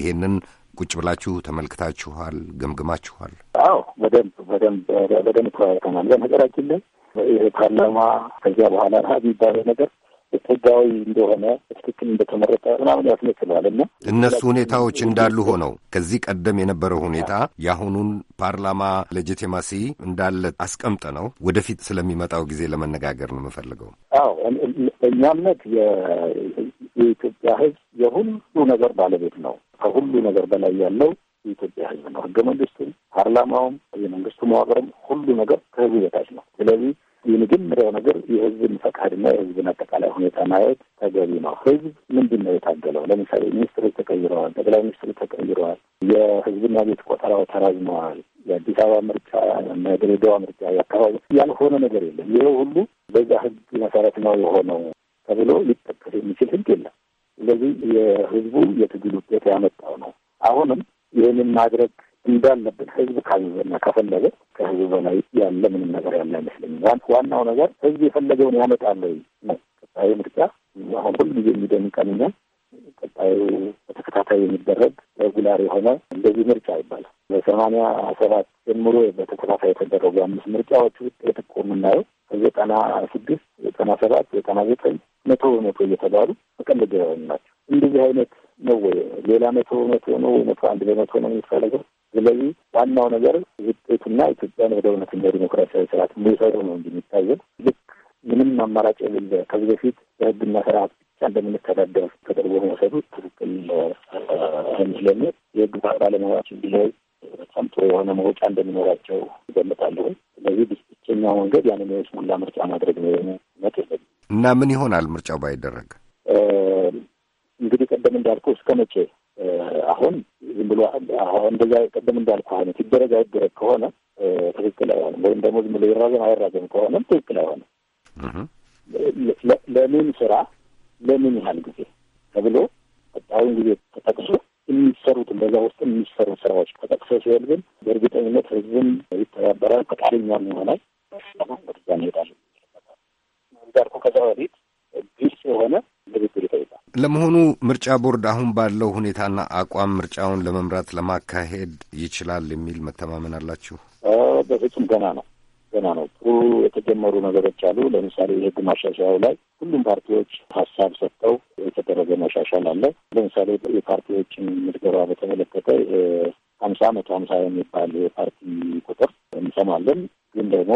ይሄንን ቁጭ ብላችሁ ተመልክታችኋል፣ ገምግማችኋል? አዎ በደንብ በደንብ በደንብ ተወያይተናል። በነገራችን ላይ ፓርላማ ከዚያ በኋላ ረሀብ የሚባለው ነገር ህጋዊ እንደሆነ ትክክል እንደተመረጠ ምናምን ያስመስለዋል እና እነሱ ሁኔታዎች እንዳሉ ሆነው ከዚህ ቀደም የነበረ ሁኔታ የአሁኑን ፓርላማ ሌጂቲማሲ እንዳለ አስቀምጠ ነው ወደፊት ስለሚመጣው ጊዜ ለመነጋገር ነው የምፈልገው። አዎ እኛ እምነት የኢትዮጵያ ህዝብ የሁሉ ነገር ባለቤት ነው። ከሁሉ ነገር በላይ ያለው የኢትዮጵያ ህዝብ ነው። ህገ መንግስቱም፣ ፓርላማውም፣ የመንግስቱ መዋቅርም ሁሉ ነገር ከህዝብ በታች ነው። ስለዚህ የመጀመሪያው ነገር የህዝብን ፈቃድና የህዝብን አጠቃላይ ሁኔታ ማየት ተገቢ ነው። ህዝብ ምንድን ነው የታገለው? ለምሳሌ ሚኒስትሮች ተቀይረዋል፣ ጠቅላይ ሚኒስትሩ ተቀይረዋል፣ የህዝብና ቤት ቆጠራው ተራዝመዋል፣ የአዲስ አበባ ምርጫ እና የድሬዳዋ ምርጫ ያካባቢ ያልሆነ ነገር የለም። ይሄ ሁሉ በዛ ህግ መሰረት ነው የሆነው ተብሎ ሊጠቀስ የሚችል ህግ የለም። ስለዚህ የህዝቡ የትግል ውጤት ያመጣው ነው። አሁንም ይህንን ማድረግ እንዳለበት ህዝብ ካዘዘና ከፈለገ ከህዝብ በላይ ያለ ምንም ነገር ያለ አይመስለኝም። ዋናው ነገር ህዝብ የፈለገውን ያመጣል ወይ ነው። ቀጣዩ ምርጫ አሁን ሁል ጊዜ የሚደንቀንኛ ቀጣዩ በተከታታይ የሚደረግ ሬጉላር የሆነ እንደዚህ ምርጫ ይባላል። በሰማንያ ሰባት ጀምሮ በተከታታይ የተደረጉ አምስት ምርጫዎች ውጤት እኮ የምናየው ከዘጠና ስድስት ዘጠና ሰባት ዘጠና ዘጠኝ መቶ መቶ እየተባሉ መቀለጃ ናቸው። እንደዚህ አይነት ነው ወይ ሌላ መቶ መቶ ነው ወይ መቶ አንድ በመቶ ነው የሚፈለገው ስለዚህ ዋናው ነገር ውጤቱና ኢትዮጵያን ወደ እውነተኛ ዲሞክራሲያዊ ስርዓት እንዲሰሩ ነው እንጂ የሚታየው ልክ ምንም አማራጭ የሌለ ከዚህ በፊት በህግና ስርዓት ብቻ እንደምንተዳደር ተደርጎ መውሰዱ ትክክል አይመስለኝም። የህግ ባለሙያዎች እንዲለይ በጣም ጥሩ የሆነ መውጫ እንደሚኖራቸው ይገምታለሁ። ስለዚህ ብቸኛው መንገድ ያንን የስሙላ ምርጫ ማድረግ ነው ነት የለም እና ምን ይሆናል ምርጫው ባይደረግ እንግዲህ ቀደም እንዳልከው እስከ መቼ አሁን ዝም ብሎ እንደዛ ቀደም እንዳልኩህ አይነት ይደረግ አይደረግ ከሆነ ትክክል አይሆንም። ወይም ደግሞ ዝም ብሎ ይራዘም አይራዘም ከሆነም ትክክል አይሆንም። ለምን ስራ ለምን ያህል ጊዜ ተብሎ ቀጣዩን ጊዜ ተጠቅሶ የሚሰሩትን በዛ ውስጥ የሚሰሩ ስራዎች ተጠቅሶ ሲሆን ግን በእርግጠኝነት ህዝብም ይተባበራል፣ ፈቃደኛም ይሆናል። ዛ ሄዳል እንዳልኩ ከዛ በፊት ግልጽ የሆነ ድርድር ይጠይቃል። ለመሆኑ ምርጫ ቦርድ አሁን ባለው ሁኔታና አቋም ምርጫውን ለመምራት ለማካሄድ ይችላል የሚል መተማመን አላችሁ? በፍጹም ገና ነው ገና ነው። ጥሩ የተጀመሩ ነገሮች አሉ። ለምሳሌ የህግ ማሻሻያው ላይ ሁሉም ፓርቲዎች ሀሳብ ሰጥተው የተደረገ ማሻሻል አለ። ለምሳሌ የፓርቲዎችን ምዝገባ በተመለከተ ሀምሳ መቶ ሀምሳ የሚባል የፓርቲ ቁጥር እንሰማለን። ግን ደግሞ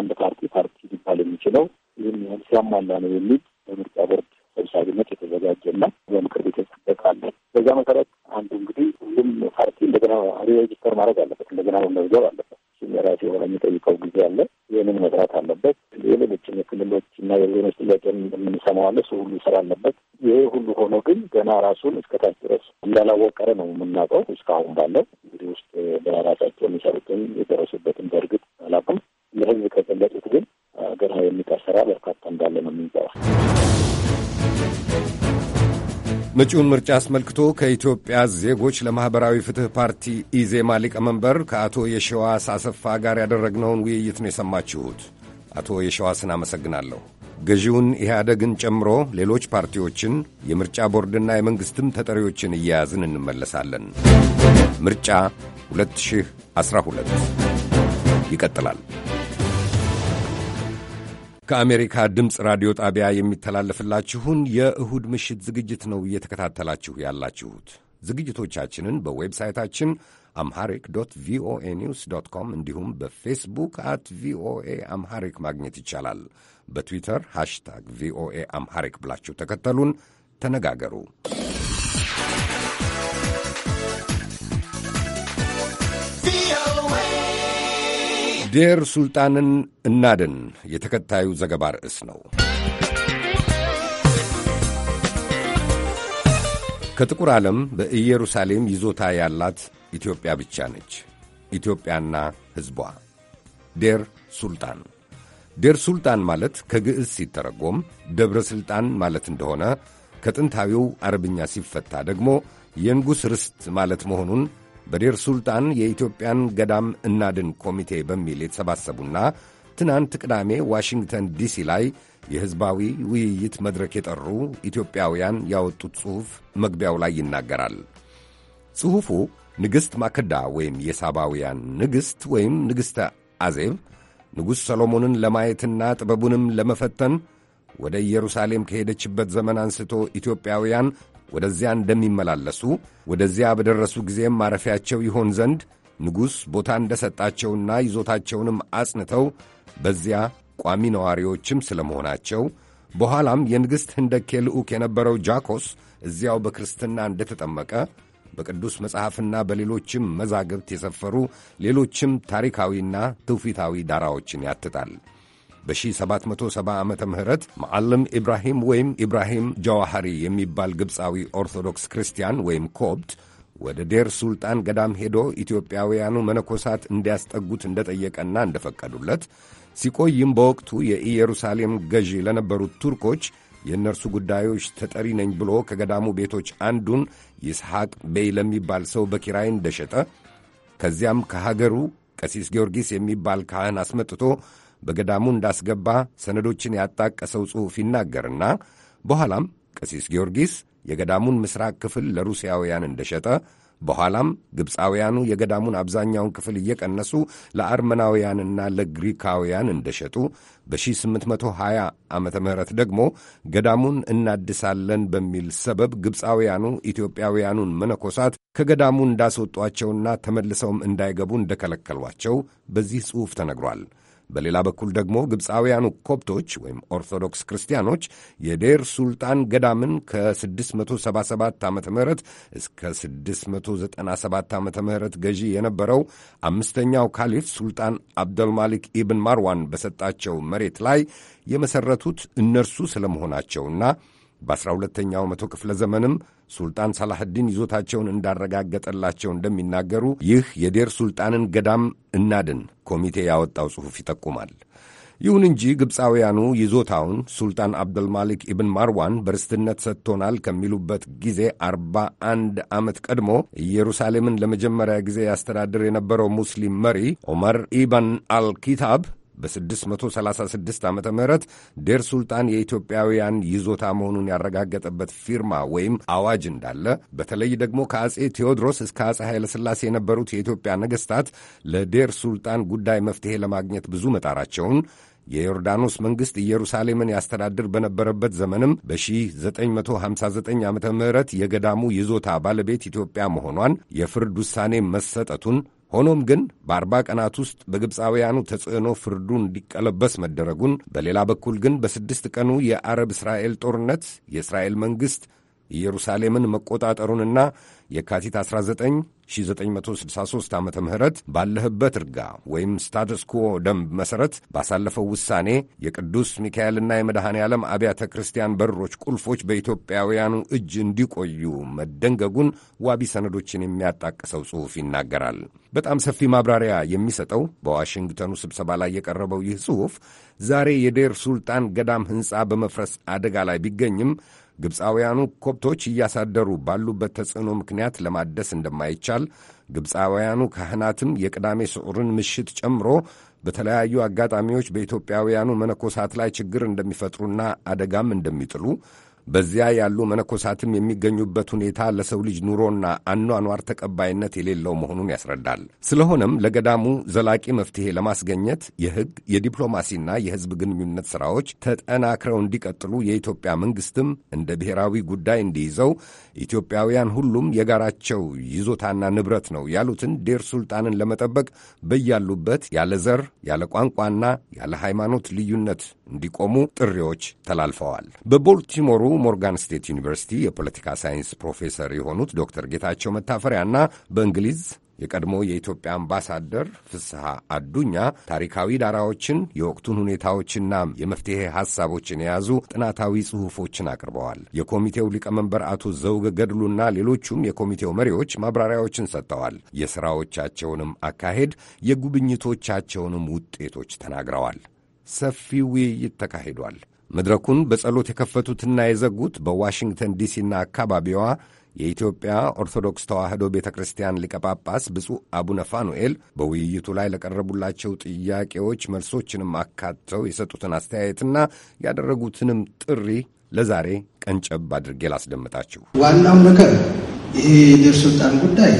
አንድ ፓርቲ ፓርቲ ሊባል የሚችለው ይህን ያህል ሲያሟላ ነው የሚል በምርጫ ቦርድ ሰብሳቢነት የተዘጋጀና በምክር ቤት ስበት አለ። በዛ መሰረት አንዱ እንግዲህ ሁሉም ፓርቲ እንደገና ሪጅስተር ማድረግ አለበት፣ እንደገና መመዝገብ አለበት። የራሱ የሆነ የሚጠይቀው ጊዜ አለ። ይህንን መስራት አለበት። የሌሎችን የክልሎች እና የዞኖች ጥያቄ የምንሰማዋለ አለ። ሁሉ ይሰራ አለበት። ይሄ ሁሉ ሆኖ ግን ገና ራሱን እስከ ታች ድረስ እንዳላወቀረ ነው የምናውቀው። እስካሁን ባለው እንግዲህ ውስጥ በራሳቸው የሚሰሩትን የደረሱበትን በእርግጥ አላውቅም። ለህዝብ ከገለጡት ግን ገና የሚቀር ስራ በርካታ እንዳለ ነው የሚንጠዋል። መጪውን ምርጫ አስመልክቶ ከኢትዮጵያ ዜጎች ለማኅበራዊ ፍትሕ ፓርቲ ኢዜማ ሊቀመንበር ከአቶ የሸዋስ አሰፋ ጋር ያደረግነውን ውይይት ነው የሰማችሁት። አቶ የሸዋስን አመሰግናለሁ። ገዢውን ኢህአደግን ጨምሮ ሌሎች ፓርቲዎችን የምርጫ ቦርድና የመንግሥትም ተጠሪዎችን እየያዝን እንመለሳለን። ምርጫ 2012 ይቀጥላል። ከአሜሪካ ድምፅ ራዲዮ ጣቢያ የሚተላለፍላችሁን የእሁድ ምሽት ዝግጅት ነው እየተከታተላችሁ ያላችሁት። ዝግጅቶቻችንን በዌብሳይታችን አምሃሪክ ዶት ቪኦኤ ኒውስ ዶት ኮም እንዲሁም በፌስቡክ አት ቪኦኤ አምሃሪክ ማግኘት ይቻላል። በትዊተር ሃሽታግ ቪኦኤ አምሃሪክ ብላችሁ ተከተሉን፣ ተነጋገሩ። ዴር ሱልጣንን እናድን የተከታዩ ዘገባ ርዕስ ነው። ከጥቁር ዓለም በኢየሩሳሌም ይዞታ ያላት ኢትዮጵያ ብቻ ነች። ኢትዮጵያና ሕዝቧ። ዴር ሱልጣን ዴር ሱልጣን ማለት ከግዕዝ ሲተረጎም ደብረ ሥልጣን ማለት እንደሆነ ከጥንታዊው አረብኛ ሲፈታ ደግሞ የንጉሥ ርስት ማለት መሆኑን በዴር ሱልጣን የኢትዮጵያን ገዳም እናድን ኮሚቴ በሚል የተሰባሰቡና ትናንት ቅዳሜ ዋሽንግተን ዲሲ ላይ የሕዝባዊ ውይይት መድረክ የጠሩ ኢትዮጵያውያን ያወጡት ጽሑፍ መግቢያው ላይ ይናገራል። ጽሑፉ ንግሥት ማክዳ ወይም የሳባውያን ንግሥት ወይም ንግሥተ አዜብ ንጉሥ ሰሎሞንን ለማየትና ጥበቡንም ለመፈተን ወደ ኢየሩሳሌም ከሄደችበት ዘመን አንስቶ ኢትዮጵያውያን ወደዚያ እንደሚመላለሱ ወደዚያ በደረሱ ጊዜም ማረፊያቸው ይሆን ዘንድ ንጉሥ ቦታ እንደሰጣቸውና ይዞታቸውንም አጽንተው በዚያ ቋሚ ነዋሪዎችም ስለ መሆናቸው በኋላም የንግሥት ህንደኬ ልዑክ የነበረው ጃኮስ እዚያው በክርስትና እንደተጠመቀ በቅዱስ መጽሐፍና በሌሎችም መዛግብት የሰፈሩ ሌሎችም ታሪካዊና ትውፊታዊ ዳራዎችን ያትታል። በ1770 ዓ ም መዓልም ኢብራሂም ወይም ኢብራሂም ጀዋሃሪ የሚባል ግብፃዊ ኦርቶዶክስ ክርስቲያን ወይም ኮብት ወደ ዴር ሱልጣን ገዳም ሄዶ ኢትዮጵያውያኑ መነኮሳት እንዲያስጠጉት እንደጠየቀና እንደፈቀዱለት ሲቆይም በወቅቱ የኢየሩሳሌም ገዢ ለነበሩት ቱርኮች የእነርሱ ጉዳዮች ተጠሪ ነኝ ብሎ ከገዳሙ ቤቶች አንዱን ይስሐቅ ቤይ ለሚባል ሰው በኪራይ እንደሸጠ ከዚያም ከሀገሩ ቀሲስ ጊዮርጊስ የሚባል ካህን አስመጥቶ በገዳሙ እንዳስገባ ሰነዶችን ያጣቀሰው ጽሑፍ ይናገርና በኋላም ቀሲስ ጊዮርጊስ የገዳሙን ምስራቅ ክፍል ለሩሲያውያን እንደሸጠ በኋላም ግብፃውያኑ የገዳሙን አብዛኛውን ክፍል እየቀነሱ ለአርመናውያንና ለግሪካውያን እንደሸጡ በ1820 ዓ ም ደግሞ ገዳሙን እናድሳለን በሚል ሰበብ ግብፃውያኑ ኢትዮጵያውያኑን መነኮሳት ከገዳሙ እንዳስወጧቸውና ተመልሰውም እንዳይገቡ እንደከለከሏቸው በዚህ ጽሑፍ ተነግሯል። በሌላ በኩል ደግሞ ግብፃውያኑ ኮፕቶች ወይም ኦርቶዶክስ ክርስቲያኖች የዴር ሱልጣን ገዳምን ከ677 ዓ ም እስከ 697 ዓ ም ገዢ የነበረው አምስተኛው ካሊፍ ሱልጣን አብደልማሊክ ኢብን ማርዋን በሰጣቸው መሬት ላይ የመሠረቱት እነርሱ ስለመሆናቸውና በ 12 ተኛው መቶ ክፍለ ዘመንም ሱልጣን ሳላህዲን ይዞታቸውን እንዳረጋገጠላቸው እንደሚናገሩ ይህ የዴር ሱልጣንን ገዳም እናድን ኮሚቴ ያወጣው ጽሑፍ ይጠቁማል። ይሁን እንጂ ግብፃውያኑ ይዞታውን ሱልጣን አብደልማሊክ ኢብን ማርዋን በርስትነት ሰጥቶናል ከሚሉበት ጊዜ አርባ አንድ ዓመት ቀድሞ ኢየሩሳሌምን ለመጀመሪያ ጊዜ ያስተዳድር የነበረው ሙስሊም መሪ ዑመር ኢብን አልኪታብ በ636 ዓ ም ዴር ሱልጣን የኢትዮጵያውያን ይዞታ መሆኑን ያረጋገጠበት ፊርማ ወይም አዋጅ እንዳለ በተለይ ደግሞ ከአጼ ቴዎድሮስ እስከ አጼ ኃይለሥላሴ የነበሩት የኢትዮጵያ ነገሥታት ለዴር ሱልጣን ጉዳይ መፍትሔ ለማግኘት ብዙ መጣራቸውን የዮርዳኖስ መንግሥት ኢየሩሳሌምን ያስተዳድር በነበረበት ዘመንም በ1959 ዓ ም የገዳሙ ይዞታ ባለቤት ኢትዮጵያ መሆኗን የፍርድ ውሳኔ መሰጠቱን ሆኖም ግን በአርባ ቀናት ውስጥ በግብፃውያኑ ተጽዕኖ ፍርዱ እንዲቀለበስ መደረጉን፣ በሌላ በኩል ግን በስድስት ቀኑ የአረብ እስራኤል ጦርነት የእስራኤል መንግሥት ኢየሩሳሌምን መቆጣጠሩንና የካቲት 19 1963 ዓ ም ባለህበት እርጋ ወይም ኩዎ ደንብ መሠረት ባሳለፈው ውሳኔ የቅዱስ ሚካኤልና የመድኃኔ ዓለም አብያተ ክርስቲያን በሮች ቁልፎች በኢትዮጵያውያኑ እጅ እንዲቆዩ መደንገጉን ዋቢ ሰነዶችን የሚያጣቅሰው ጽሑፍ ይናገራል። በጣም ሰፊ ማብራሪያ የሚሰጠው በዋሽንግተኑ ስብሰባ ላይ የቀረበው ይህ ጽሑፍ ዛሬ የዴር ሱልጣን ገዳም ሕንፃ በመፍረስ አደጋ ላይ ቢገኝም ግብፃውያኑ ኮፕቶች እያሳደሩ ባሉበት ተጽዕኖ ምክንያት ለማደስ እንደማይቻል ግብፃውያኑ ካህናትም የቅዳሜ ስዑርን ምሽት ጨምሮ በተለያዩ አጋጣሚዎች በኢትዮጵያውያኑ መነኮሳት ላይ ችግር እንደሚፈጥሩና አደጋም እንደሚጥሉ በዚያ ያሉ መነኮሳትም የሚገኙበት ሁኔታ ለሰው ልጅ ኑሮና አኗኗር ተቀባይነት የሌለው መሆኑን ያስረዳል። ስለሆነም ለገዳሙ ዘላቂ መፍትሄ ለማስገኘት የሕግ የዲፕሎማሲና የሕዝብ ግንኙነት ሥራዎች ተጠናክረው እንዲቀጥሉ የኢትዮጵያ መንግሥትም እንደ ብሔራዊ ጉዳይ እንዲይዘው ኢትዮጵያውያን ሁሉም የጋራቸው ይዞታና ንብረት ነው ያሉትን ዴር ሱልጣንን ለመጠበቅ በያሉበት ያለ ዘር ያለ ቋንቋና ያለ ሃይማኖት ልዩነት እንዲቆሙ ጥሪዎች ተላልፈዋል። በቦልቲሞሩ ሞርጋን ስቴት ዩኒቨርሲቲ የፖለቲካ ሳይንስ ፕሮፌሰር የሆኑት ዶክተር ጌታቸው መታፈሪያና በእንግሊዝ የቀድሞ የኢትዮጵያ አምባሳደር ፍስሐ አዱኛ ታሪካዊ ዳራዎችን የወቅቱን ሁኔታዎችና የመፍትሔ ሐሳቦችን የያዙ ጥናታዊ ጽሑፎችን አቅርበዋል። የኮሚቴው ሊቀመንበር አቶ ዘውገ ገድሉና ሌሎቹም የኮሚቴው መሪዎች ማብራሪያዎችን ሰጥተዋል። የሥራዎቻቸውንም አካሄድ፣ የጉብኝቶቻቸውንም ውጤቶች ተናግረዋል። ሰፊ ውይይት ተካሂዷል። መድረኩን በጸሎት የከፈቱትና የዘጉት በዋሽንግተን ዲሲና አካባቢዋ የኢትዮጵያ ኦርቶዶክስ ተዋሕዶ ቤተ ክርስቲያን ሊቀ ጳጳስ ብፁዕ አቡነ ፋኑኤል በውይይቱ ላይ ለቀረቡላቸው ጥያቄዎች መልሶችንም አካተው የሰጡትን አስተያየትና ያደረጉትንም ጥሪ ለዛሬ ቀንጨብ አድርጌ ላስደምጣችሁ። ዋናው ነገር ይሄ የብሔር ስልጣን ጉዳይ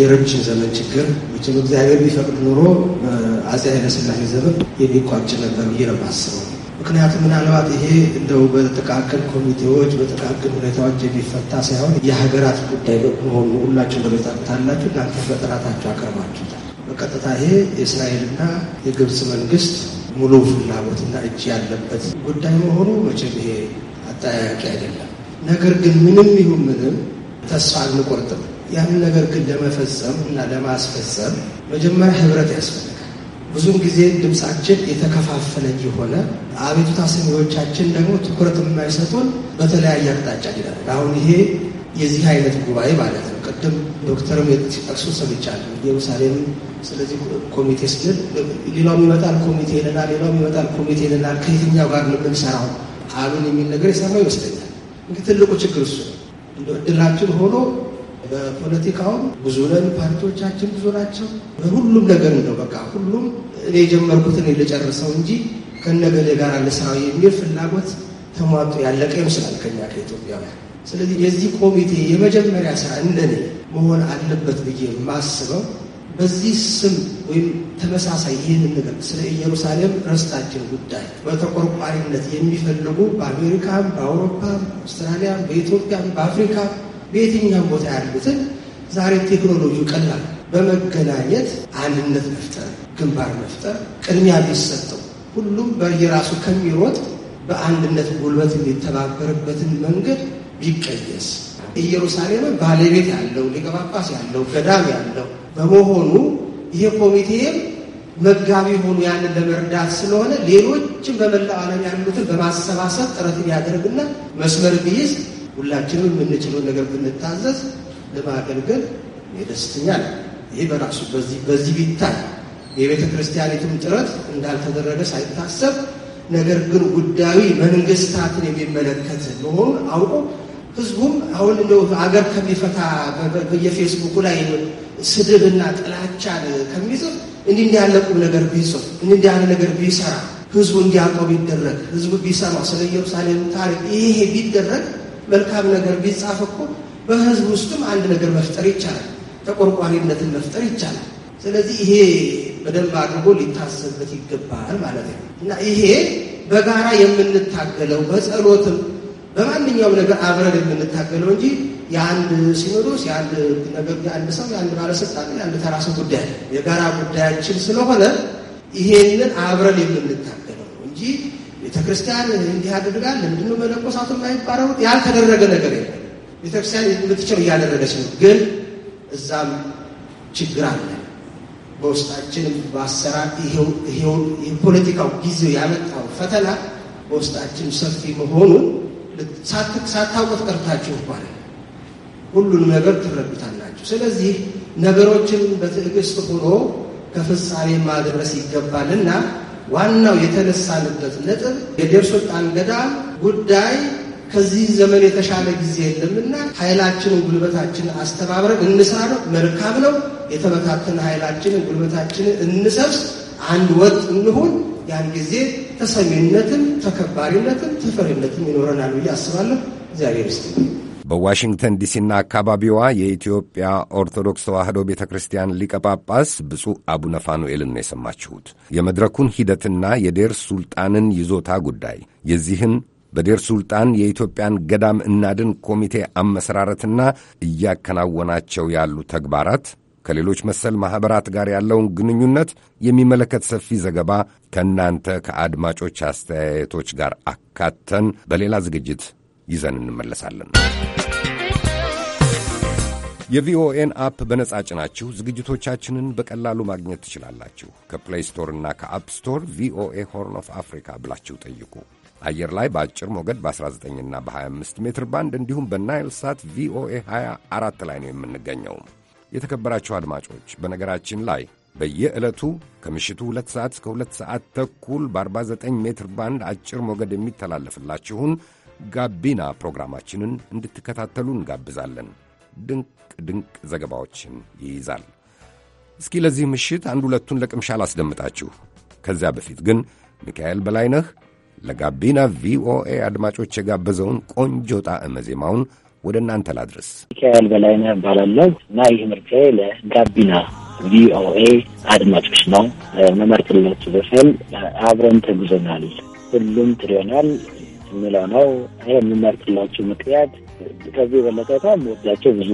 የረጅም ዘመን ችግር መቼም እግዚአብሔር ቢፈቅድ ኖሮ በአፄ ኃይለሥላሴ ዘመን የሚቋጭ ነበር ብዬ ነው የማስበው። ምክንያቱም ምናልባት ይሄ እንደው በጥቃቅን ኮሚቴዎች በጥቃቅን ሁኔታዎች የሚፈታ ሳይሆን የሀገራት ጉዳይ መሆኑ ሁላችሁ በቤታታላችሁ እናንተ በጥራታችሁ አቅርባችሁታል። በቀጥታ ይሄ የእስራኤልና የግብፅ መንግስት ሙሉ ፍላጎትና እጅ ያለበት ጉዳይ መሆኑ መቼም ይሄ አጠያያቂ አይደለም። ነገር ግን ምንም ይሁን ምንም ተስፋ አንቆርጥም። ያንን ነገር ግን ለመፈጸም እና ለማስፈጸም መጀመሪያ ህብረት ያስፈልጋል። ብዙን ጊዜ ድምፃችን የተከፋፈለ የሆነ አቤቱታ ሰሚዎቻችን ደግሞ ትኩረት የማይሰጡን በተለያየ አቅጣጫ ይላል። አሁን ይሄ የዚህ አይነት ጉባኤ ማለት ነው። ቅድም ዶክተርም ሲጠቅሱ ሰምቻለሁ። ኢየሩሳሌም ስለዚህ ኮሚቴ ስንል ሌላውም ይመጣል ኮሚቴ ይለናል፣ ሌላውም ይመጣል ኮሚቴ ይለናል። ከየትኛው ጋር ነው የምንሰራው አሉን የሚል ነገር የሰማ ይመስለኛል። እንግዲህ ትልቁ ችግር እሱ ነው። እድላችን ሆኖ በፖለቲካውም ብዙ ነን፣ ፓርቲዎቻችን ብዙ ናቸው። በሁሉም ነገር ነው በቃ ሁሉም እኔ የጀመርኩትን ልጨርሰው እንጂ ከነገሌ ጋር ልስራው የሚል ፍላጎት ተሟጡ ያለቀ ይመስላል ከኛ ከኢትዮጵያውያን። ስለዚህ የዚህ ኮሚቴ የመጀመሪያ ስራ እንደኔ መሆን አለበት ብዬ የማስበው በዚህ ስም ወይም ተመሳሳይ ይህን ነገር ስለ ኢየሩሳሌም ርስታችን ጉዳይ በተቆርቋሪነት የሚፈልጉ በአሜሪካም፣ በአውሮፓም፣ በአውስትራሊያም፣ በኢትዮጵያም፣ በአፍሪካ በየትኛውም ቦታ ያሉትን ዛሬ ቴክኖሎጂው ቀላል በመገናኘት አንድነት መፍጠር፣ ግንባር መፍጠር ቅድሚያ ቢሰጠው ሁሉም በየራሱ ከሚሮጥ በአንድነት ጉልበት የሚተባበርበትን መንገድ ቢቀየስ ኢየሩሳሌም ባለቤት ያለው ሊቀ ጳጳስ ያለው ገዳም ያለው በመሆኑ ይሄ ኮሚቴም መጋቢ ሆኑ ያንን ለመርዳት ስለሆነ ሌሎችም በመላው ዓለም ያሉትን በማሰባሰብ ጥረት ቢያደርግና መስመር ቢይዝ ሁላችንም የምንችለው ነገር ብንታዘዝ ለማገልገል የደስተኛ ነው። ይህ በራሱ በዚህ ቢታይ የቤተ ክርስቲያኒቱም ጥረት እንዳልተደረገ ሳይታሰብ ነገር ግን ጉዳዩ መንግስታትን የሚመለከት መሆኑን አውቆ ህዝቡም አሁን እንደው አገር ከሚፈታ በየፌስቡኩ ላይ ስድብና ጥላቻን ከሚጽፍ እንዲህ እንዲህ ያለ ቁም ነገር ቢጽፍ እንዲህ እንዲህ ያለ ነገር ቢሰራ ህዝቡ እንዲያውቀው ቢደረግ ህዝቡ ቢሰማው ስለ ኢየሩሳሌም ታሪክ ይሄ ቢደረግ መልካም ነገር ቢጻፍ እኮ በህዝብ ውስጥም አንድ ነገር መፍጠር ይቻላል። ተቆርቋሪነትን መፍጠር ይቻላል። ስለዚህ ይሄ በደንብ አድርጎ ሊታሰብበት ይገባል ማለት ነው እና ይሄ በጋራ የምንታገለው በጸሎትም በማንኛውም ነገር አብረን የምንታገለው እንጂ የአንድ ሲኖዶስ የአንድ ነገር የአንድ ሰው የአንድ ባለስልጣን የአንድ ተራ ጉዳይ የጋራ ጉዳያችን ስለሆነ ይሄንን አብረን የምንታገለው እንጂ ቤተክርስቲያን እንዲህ አድርጋል ለምንድነው መነኮሳቱ የማይባረው? ያልተደረገ ነገር የለም። ቤተክርስቲያን የምትችለው እያደረገች ነው። ግን እዛም ችግር አለ። በውስጣችንም በአሰራር የፖለቲካው ጊዜው ያመጣው ፈተና በውስጣችን ሰፊ መሆኑን ሳታውቁት ቀርታችሁ እንኳን ሁሉንም ነገር ትረዱታላችሁ። ስለዚህ ነገሮችን በትዕግስት ሆኖ ከፍጻሜ ማድረስ ይገባልና ዋናው የተነሳንበት ነጥብ የደርሶጣን ገዳም ጉዳይ ከዚህ ዘመን የተሻለ ጊዜ የለምና ኃይላችንን ጉልበታችንን አስተባብረን እንስራ ነው። መልካም ነው። የተበታተነ ኃይላችንን ጉልበታችንን እንሰብስ፣ አንድ ወጥ እንሁን። ያን ጊዜ ተሰሚነትም ተከባሪነትም ተፈሪነትም ይኖረናል ብዬ አስባለሁ። እግዚአብሔር ይስጥልኝ። በዋሽንግተን ዲሲና አካባቢዋ የኢትዮጵያ ኦርቶዶክስ ተዋሕዶ ቤተ ክርስቲያን ሊቀ ጳጳስ ብፁዕ አቡነ ፋኑኤልን ነው የሰማችሁት። የመድረኩን ሂደትና የዴር ሱልጣንን ይዞታ ጉዳይ የዚህን በዴር ሱልጣን የኢትዮጵያን ገዳም እናድን ኮሚቴ አመሰራረትና እያከናወናቸው ያሉ ተግባራት ከሌሎች መሰል ማኅበራት ጋር ያለውን ግንኙነት የሚመለከት ሰፊ ዘገባ ከእናንተ ከአድማጮች አስተያየቶች ጋር አካተን በሌላ ዝግጅት ይዘን እንመለሳለን። የቪኦኤን አፕ በነጻ ጭናችሁ ዝግጅቶቻችንን በቀላሉ ማግኘት ትችላላችሁ። ከፕሌይ እና ከአፕ ስቶር ቪኦኤ ሆርን ኦፍ አፍሪካ ብላችሁ ጠይቁ። አየር ላይ በአጭር ሞገድ በ19ና በ25 ሜትር ባንድ እንዲሁም በናይል ሳት ቪኦኤ 24 ላይ ነው የምንገኘው። የተከበራችሁ አድማጮች በነገራችን ላይ በየዕለቱ ከምሽቱ 2 ሰዓት እስከ 2 ሰዓት ተኩል በ49 ሜትር ባንድ አጭር ሞገድ የሚተላለፍላችሁን ጋቢና ፕሮግራማችንን እንድትከታተሉ እንጋብዛለን። ድንቅ ድንቅ ዘገባዎችን ይይዛል። እስኪ ለዚህ ምሽት አንድ ሁለቱን ለቅምሻ ላስደምጣችሁ። ከዚያ በፊት ግን ሚካኤል በላይነህ ለጋቢና ቪኦኤ አድማጮች የጋበዘውን ቆንጆ ጣዕመ ዜማውን ወደ እናንተ ላድረስ። ሚካኤል በላይነህ እባላለሁ እና ይህ ምርጫ ለጋቢና ቪኦኤ አድማጮች ነው። መመርትላችሁ ዘፈን አብረን ተጉዘናል ሁሉም ትሪዮናል የሚለው ነው። ይህ የምመርጥላችሁ ምክንያት ከዚህ የበለጠ በጣም ወዳቸው ብዙ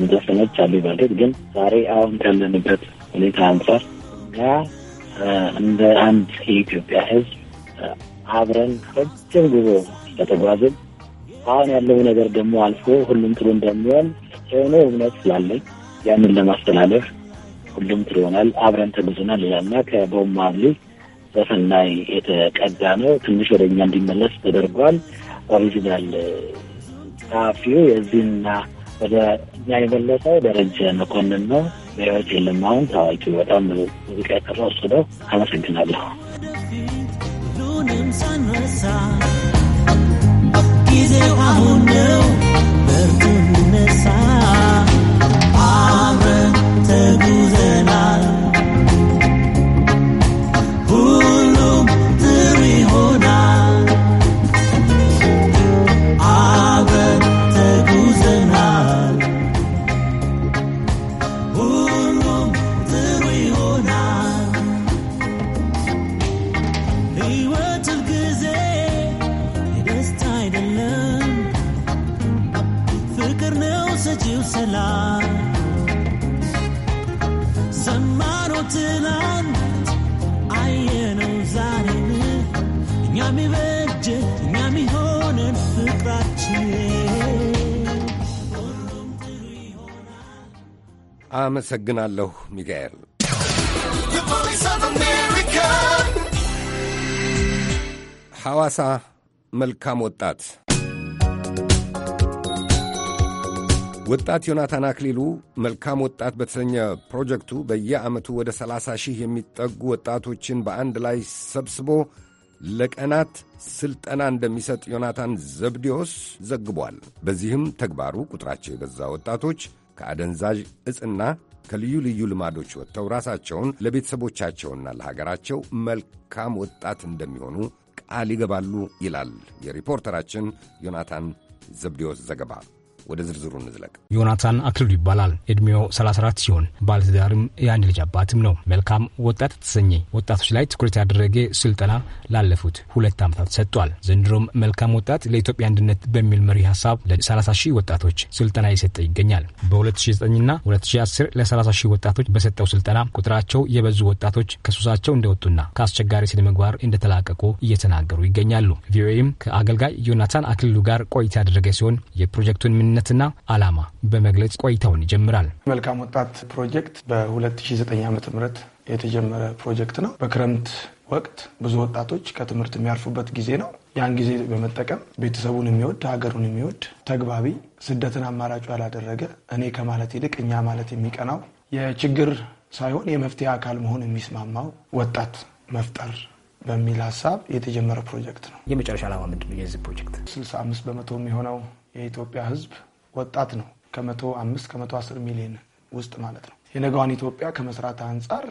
መዘፈኖች አሉ። በእርግጥ ግን ዛሬ አሁን ካለንበት ሁኔታ አንጻር ያ እንደ አንድ የኢትዮጵያ ሕዝብ አብረን ረጅም ጉዞ ስለተጓዝን አሁን ያለው ነገር ደግሞ አልፎ ሁሉም ጥሩ እንደሚሆን የሆነ እምነት ስላለኝ ያንን ለማስተላለፍ ሁሉም ጥሩ ይሆናል፣ አብረን ተጉዘናል ይላልና ከቦብ ማርሊ ዘፈን ላይ የተቀዳ ነው። ትንሽ ወደኛ እንዲመለስ ተደርጓል። ኦሪጂናል ጸሐፊው የዚህና ወደ ከኛ የበለጠ ደረጀ መኮንን ነው። በህይወት የለም አሁን ታዋቂ በጣም ሙዚቃ የሰራ እሱ ነው። አመሰግናለሁ። ጊዜው አሁን ነው። በርቱ እንነሳ፣ አብረን ተጉዘናል። ሰላም ዘማሮ ትናንት አየነው ዛሬን እኛም ሚበጀን እኛም ሚሆነን ፍቅራችን አመሰግናለሁ ሚካኤል። ሐዋሳ መልካም ወጣት ወጣት ዮናታን አክሊሉ መልካም ወጣት በተሰኘ ፕሮጀክቱ በየዓመቱ ወደ 30 ሺህ የሚጠጉ ወጣቶችን በአንድ ላይ ሰብስቦ ለቀናት ሥልጠና እንደሚሰጥ ዮናታን ዘብዴዎስ ዘግቧል። በዚህም ተግባሩ ቁጥራቸው የበዛ ወጣቶች ከአደንዛዥ እጽና ከልዩ ልዩ ልማዶች ወጥተው ራሳቸውን ለቤተሰቦቻቸውና ለሀገራቸው መልካም ወጣት እንደሚሆኑ ቃል ይገባሉ ይላል የሪፖርተራችን ዮናታን ዘብዴዎስ ዘገባ። ወደ ዝርዝሩ እንዝለቅ። ዮናታን አክልሉ ይባላል። ዕድሜው 34 ሲሆን ባለትዳርም የአንድ ልጅ አባትም ነው። መልካም ወጣት የተሰኘ ወጣቶች ላይ ትኩረት ያደረገ ስልጠና ላለፉት ሁለት ዓመታት ሰጥቷል። ዘንድሮም መልካም ወጣት ለኢትዮጵያ አንድነት በሚል መሪ ሀሳብ ለ30 ሺህ ወጣቶች ስልጠና የሰጠ ይገኛል። በ2009ና 2010 ለ30 ሺህ ወጣቶች በሰጠው ስልጠና ቁጥራቸው የበዙ ወጣቶች ከሱሳቸው እንደወጡና ከአስቸጋሪ ስነ ምግባር እንደተላቀቁ እየተናገሩ ይገኛሉ። ቪኦኤም ከአገልጋይ ዮናታን አክልሉ ጋር ቆይታ ያደረገ ሲሆን የፕሮጀክቱን ምንነት ማንነትና ዓላማ በመግለጽ ቆይታውን ይጀምራል። መልካም ወጣት ፕሮጀክት በ2009 ዓ ም የተጀመረ ፕሮጀክት ነው። በክረምት ወቅት ብዙ ወጣቶች ከትምህርት የሚያርፉበት ጊዜ ነው። ያን ጊዜ በመጠቀም ቤተሰቡን የሚወድ ሀገሩን የሚወድ ተግባቢ፣ ስደትን አማራጩ ያላደረገ እኔ ከማለት ይልቅ እኛ ማለት የሚቀናው የችግር ሳይሆን የመፍትሄ አካል መሆን የሚስማማው ወጣት መፍጠር በሚል ሀሳብ የተጀመረ ፕሮጀክት ነው። የመጨረሻ ዓላማ ምንድን የዚህ ፕሮጀክት? 65 በመቶ የሚሆነው የኢትዮጵያ ሕዝብ ወጣት ነው። ከመቶ አምስት ከመቶ አስር ሚሊዮን ውስጥ ማለት ነው። የነገዋን ኢትዮጵያ ከመስራት አንጻር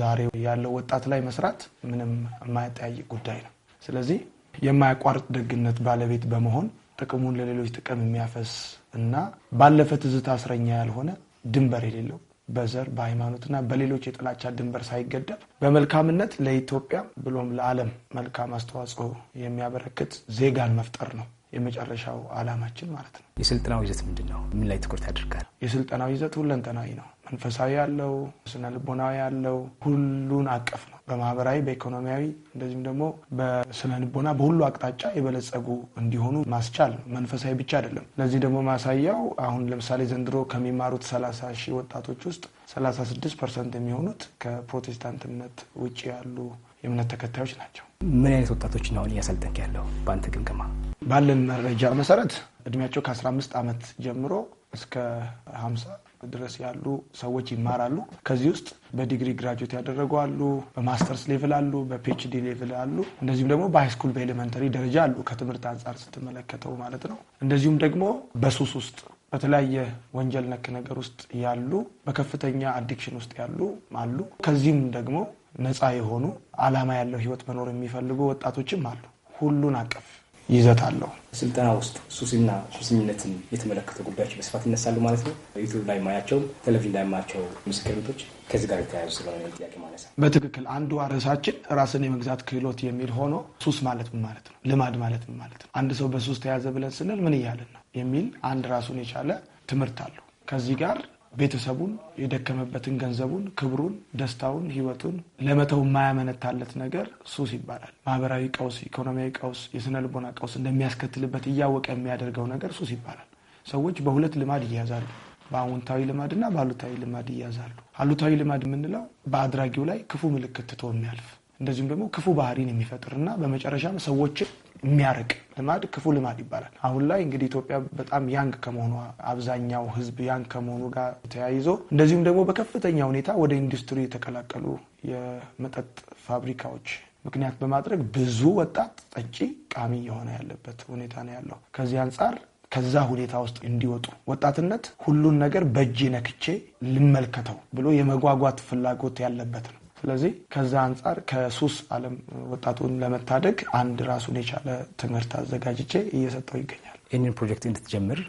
ዛሬ ያለው ወጣት ላይ መስራት ምንም የማያጠያይቅ ጉዳይ ነው። ስለዚህ የማያቋርጥ ደግነት ባለቤት በመሆን ጥቅሙን ለሌሎች ጥቅም የሚያፈስ እና ባለፈ ትዝታ እስረኛ ያልሆነ ድንበር የሌለው በዘር በሃይማኖትና በሌሎች የጥላቻ ድንበር ሳይገደብ በመልካምነት ለኢትዮጵያ ብሎም ለዓለም መልካም አስተዋጽኦ የሚያበረክት ዜጋን መፍጠር ነው የመጨረሻው አላማችን ማለት ነው። የስልጠናው ይዘት ምንድን ነው? ምን ላይ ትኩረት ያደርጋል? የስልጠናው ይዘት ሁለንተናዊ ነው። መንፈሳዊ ያለው፣ ስነ ልቦናዊ ያለው፣ ሁሉን አቀፍ ነው። በማህበራዊ በኢኮኖሚያዊ እንደዚሁም ደግሞ በስነ ልቦና በሁሉ አቅጣጫ የበለጸጉ እንዲሆኑ ማስቻል ነው። መንፈሳዊ ብቻ አይደለም። ለዚህ ደግሞ ማሳያው አሁን ለምሳሌ ዘንድሮ ከሚማሩት 30 ሺህ ወጣቶች ውስጥ 36 ፐርሰንት የሚሆኑት ከፕሮቴስታንትነት ውጭ ያሉ የእምነት ተከታዮች ናቸው። ምን አይነት ወጣቶችን አሁን እያሰልጠንክ ያለው በአንተ ግምገማ? ባለን መረጃ መሰረት እድሜያቸው ከ15 ዓመት ጀምሮ እስከ 50 ድረስ ያሉ ሰዎች ይማራሉ። ከዚህ ውስጥ በዲግሪ ግራጁዌት ያደረጉ አሉ፣ በማስተርስ ሌቭል አሉ፣ በፒኤችዲ ሌቭል አሉ። እንደዚሁም ደግሞ በሃይስኩል በኤሌመንተሪ ደረጃ አሉ፣ ከትምህርት አንጻር ስትመለከተው ማለት ነው። እንደዚሁም ደግሞ በሱስ ውስጥ በተለያየ ወንጀል ነክ ነገር ውስጥ ያሉ፣ በከፍተኛ አዲክሽን ውስጥ ያሉ አሉ። ከዚህም ደግሞ ነፃ የሆኑ አላማ ያለው ህይወት መኖር የሚፈልጉ ወጣቶችም አሉ። ሁሉን አቀፍ ይዘት አለው። ስልጠና ውስጥ ሱስና ሱሰኝነትን የተመለከተ ጉዳዮች በስፋት ይነሳሉ ማለት ነው። ዩቱብ ላይ ማያቸው፣ ቴሌቪዥን ላይ ማያቸው ምስክር ቤቶች ከዚህ ጋር የተያያዙ ስለሆነ ጥያቄ ማለት ነው። በትክክል አንዱ ርዕሳችን ራስን የመግዛት ክህሎት የሚል ሆኖ ሱስ ማለት ምን ማለት ነው? ልማድ ማለት ምን ማለት ነው? አንድ ሰው በሱስ ተያዘ ብለን ስንል ምን እያለን ነው የሚል አንድ ራሱን የቻለ ትምህርት አለው። ከዚህ ጋር ቤተሰቡን የደከመበትን ገንዘቡን፣ ክብሩን፣ ደስታውን፣ ህይወቱን ለመተው የማያመነታለት ነገር ሱስ ይባላል። ማህበራዊ ቀውስ፣ ኢኮኖሚያዊ ቀውስ፣ የስነ ልቦና ቀውስ እንደሚያስከትልበት እያወቀ የሚያደርገው ነገር ሱስ ይባላል። ሰዎች በሁለት ልማድ ይያዛሉ። በአዎንታዊ ልማድና በአሉታዊ ልማድ ይያዛሉ። አሉታዊ ልማድ የምንለው በአድራጊው ላይ ክፉ ምልክት ትቶ የሚያልፍ እንደዚሁም ደግሞ ክፉ ባህሪን የሚፈጥርና በመጨረሻም ሰዎችን የሚያርቅ ልማድ ክፉ ልማድ ይባላል። አሁን ላይ እንግዲህ ኢትዮጵያ በጣም ያንግ ከመሆኗ አብዛኛው ሕዝብ ያንግ ከመሆኑ ጋር ተያይዞ እንደዚሁም ደግሞ በከፍተኛ ሁኔታ ወደ ኢንዱስትሪ የተቀላቀሉ የመጠጥ ፋብሪካዎች ምክንያት በማድረግ ብዙ ወጣት ጠጪ ቃሚ የሆነ ያለበት ሁኔታ ነው ያለው። ከዚህ አንጻር ከዛ ሁኔታ ውስጥ እንዲወጡ ወጣትነት ሁሉን ነገር በእጄ ነክቼ ልመልከተው ብሎ የመጓጓት ፍላጎት ያለበት ነው። ስለዚህ ከዛ አንጻር ከሱስ ዓለም ወጣቱን ለመታደግ አንድ ራሱን የቻለ ትምህርት አዘጋጅቼ እየሰጠው ይገኛል። ይህንን ፕሮጀክት እንድትጀምር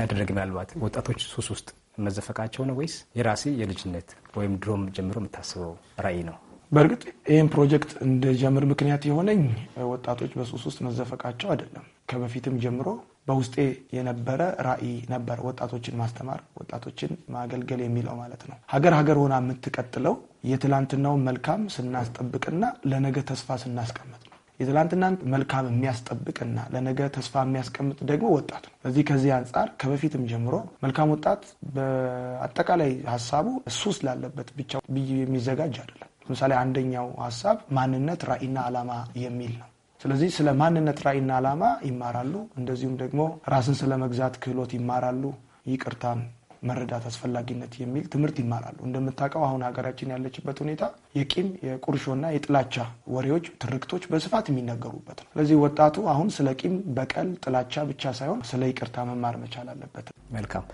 ያደረግ ምናልባት ወጣቶች ሱስ ውስጥ መዘፈቃቸው ነው ወይስ የራሴ የልጅነት ወይም ድሮም ጀምሮ የምታስበው ራዕይ ነው? በእርግጥ ይህን ፕሮጀክት እንደጀምር ምክንያት የሆነኝ ወጣቶች በሱስ ውስጥ መዘፈቃቸው አይደለም። ከበፊትም ጀምሮ በውስጤ የነበረ ራዕይ ነበር፣ ወጣቶችን ማስተማር፣ ወጣቶችን ማገልገል የሚለው ማለት ነው። ሀገር ሀገር ሆና የምትቀጥለው የትላንትናውን መልካም ስናስጠብቅና ለነገ ተስፋ ስናስቀምጥ ነው። የትላንትናን መልካም የሚያስጠብቅና ለነገ ተስፋ የሚያስቀምጥ ደግሞ ወጣት ነው። በዚህ ከዚህ አንጻር ከበፊትም ጀምሮ መልካም ወጣት በአጠቃላይ ሀሳቡ ሱስ ላለበት ብቻ ብዬ የሚዘጋጅ አይደለም። ለምሳሌ አንደኛው ሀሳብ ማንነት ራዕይና ዓላማ የሚል ነው። ስለዚህ ስለ ማንነት ራዕይና ዓላማ ይማራሉ። እንደዚሁም ደግሞ ራስን ስለ መግዛት ክህሎት ይማራሉ። ይቅርታን መረዳት አስፈላጊነት የሚል ትምህርት ይማራሉ። እንደምታውቀው አሁን ሀገራችን ያለችበት ሁኔታ የቂም የቁርሾና የጥላቻ ወሬዎች፣ ትርክቶች በስፋት የሚነገሩበት ነው። ስለዚህ ወጣቱ አሁን ስለ ቂም፣ በቀል፣ ጥላቻ ብቻ ሳይሆን ስለ ይቅርታ መማር መቻል አለበት። መልካም።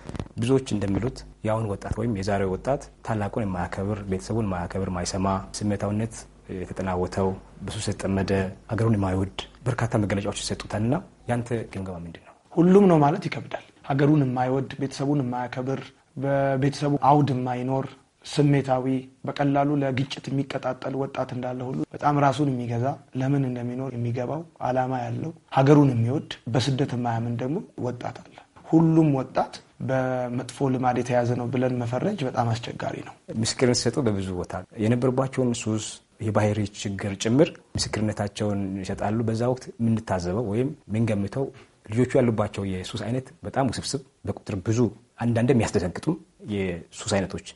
ብዙዎች እንደሚሉት የአሁን ወጣት ወይም የዛሬው ወጣት ታላቁን የማያከብር ቤተሰቡን የማያከብር ማይሰማ ስሜታውነት የተጠናወተው በሱስ የተጠመደ ሀገሩን የማይወድ በርካታ መገለጫዎች ይሰጡታልና ያንተ ግምገማ ምንድን ነው? ሁሉም ነው ማለት ይከብዳል። ሀገሩን የማይወድ ቤተሰቡን የማያከብር በቤተሰቡ አውድ የማይኖር ስሜታዊ በቀላሉ ለግጭት የሚቀጣጠል ወጣት እንዳለ ሁሉ በጣም ራሱን የሚገዛ ለምን እንደሚኖር የሚገባው አላማ ያለው ሀገሩን የሚወድ በስደት የማያምን ደግሞ ወጣት አለ። ሁሉም ወጣት በመጥፎ ልማድ የተያዘ ነው ብለን መፈረጅ በጣም አስቸጋሪ ነው። ምስክርን ሲሰጡ በብዙ ቦታ የነበርባቸውን ሱስ የባህሪ ችግር ጭምር ምስክርነታቸውን ይሰጣሉ። በዛ ወቅት የምንታዘበው ወይም የምንገምተው ልጆቹ ያሉባቸው የሱስ አይነት በጣም ውስብስብ በቁጥር ብዙ አንዳንድ የሚያስደነግጡ የሱስ አይነቶች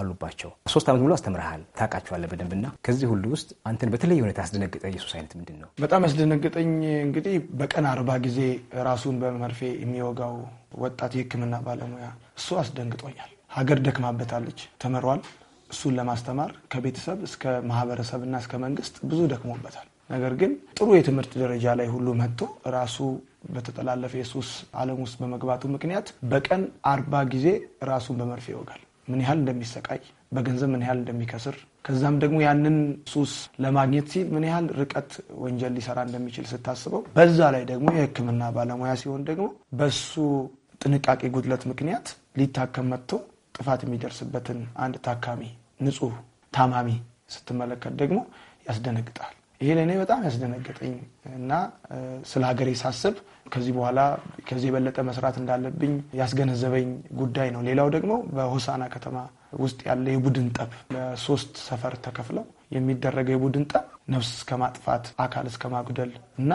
አሉባቸው። ሶስት ዓመት ሙሉ አስተምረሃል ታውቃቸዋለህ በደንብና ከዚህ ሁሉ ውስጥ አንተን በተለየ ሁኔታ ያስደነገጠ የሱስ አይነት ምንድን ነው? በጣም ያስደነገጠኝ እንግዲህ በቀን አርባ ጊዜ ራሱን በመርፌ የሚወጋው ወጣት የሕክምና ባለሙያ እሱ አስደንግጦኛል። ሀገር ደክማበታለች፣ ተምሯል። እሱን ለማስተማር ከቤተሰብ እስከ ማህበረሰብና እስከ መንግስት ብዙ ደክሞበታል። ነገር ግን ጥሩ የትምህርት ደረጃ ላይ ሁሉ መጥቶ ራሱ በተጠላለፈ የሱስ ዓለም ውስጥ በመግባቱ ምክንያት በቀን አርባ ጊዜ ራሱን በመርፌ ይወጋል። ምን ያህል እንደሚሰቃይ በገንዘብ ምን ያህል እንደሚከስር ከዛም ደግሞ ያንን ሱስ ለማግኘት ሲል ምን ያህል ርቀት ወንጀል ሊሰራ እንደሚችል ስታስበው፣ በዛ ላይ ደግሞ የሕክምና ባለሙያ ሲሆን ደግሞ በሱ ጥንቃቄ ጉድለት ምክንያት ሊታከም መጥቶ ጥፋት የሚደርስበትን አንድ ታካሚ ንጹህ ታማሚ ስትመለከት ደግሞ ያስደነግጣል። ይሄ ለእኔ በጣም ያስደነገጠኝ እና ስለ ሀገሬ ሳስብ ከዚህ በኋላ ከዚህ የበለጠ መስራት እንዳለብኝ ያስገነዘበኝ ጉዳይ ነው። ሌላው ደግሞ በሆሳና ከተማ ውስጥ ያለ የቡድን ጠብ ለሶስት ሰፈር ተከፍለው የሚደረገው የቡድን ጠብ ነፍስ እስከ ማጥፋት፣ አካል እስከ ማጉደል እና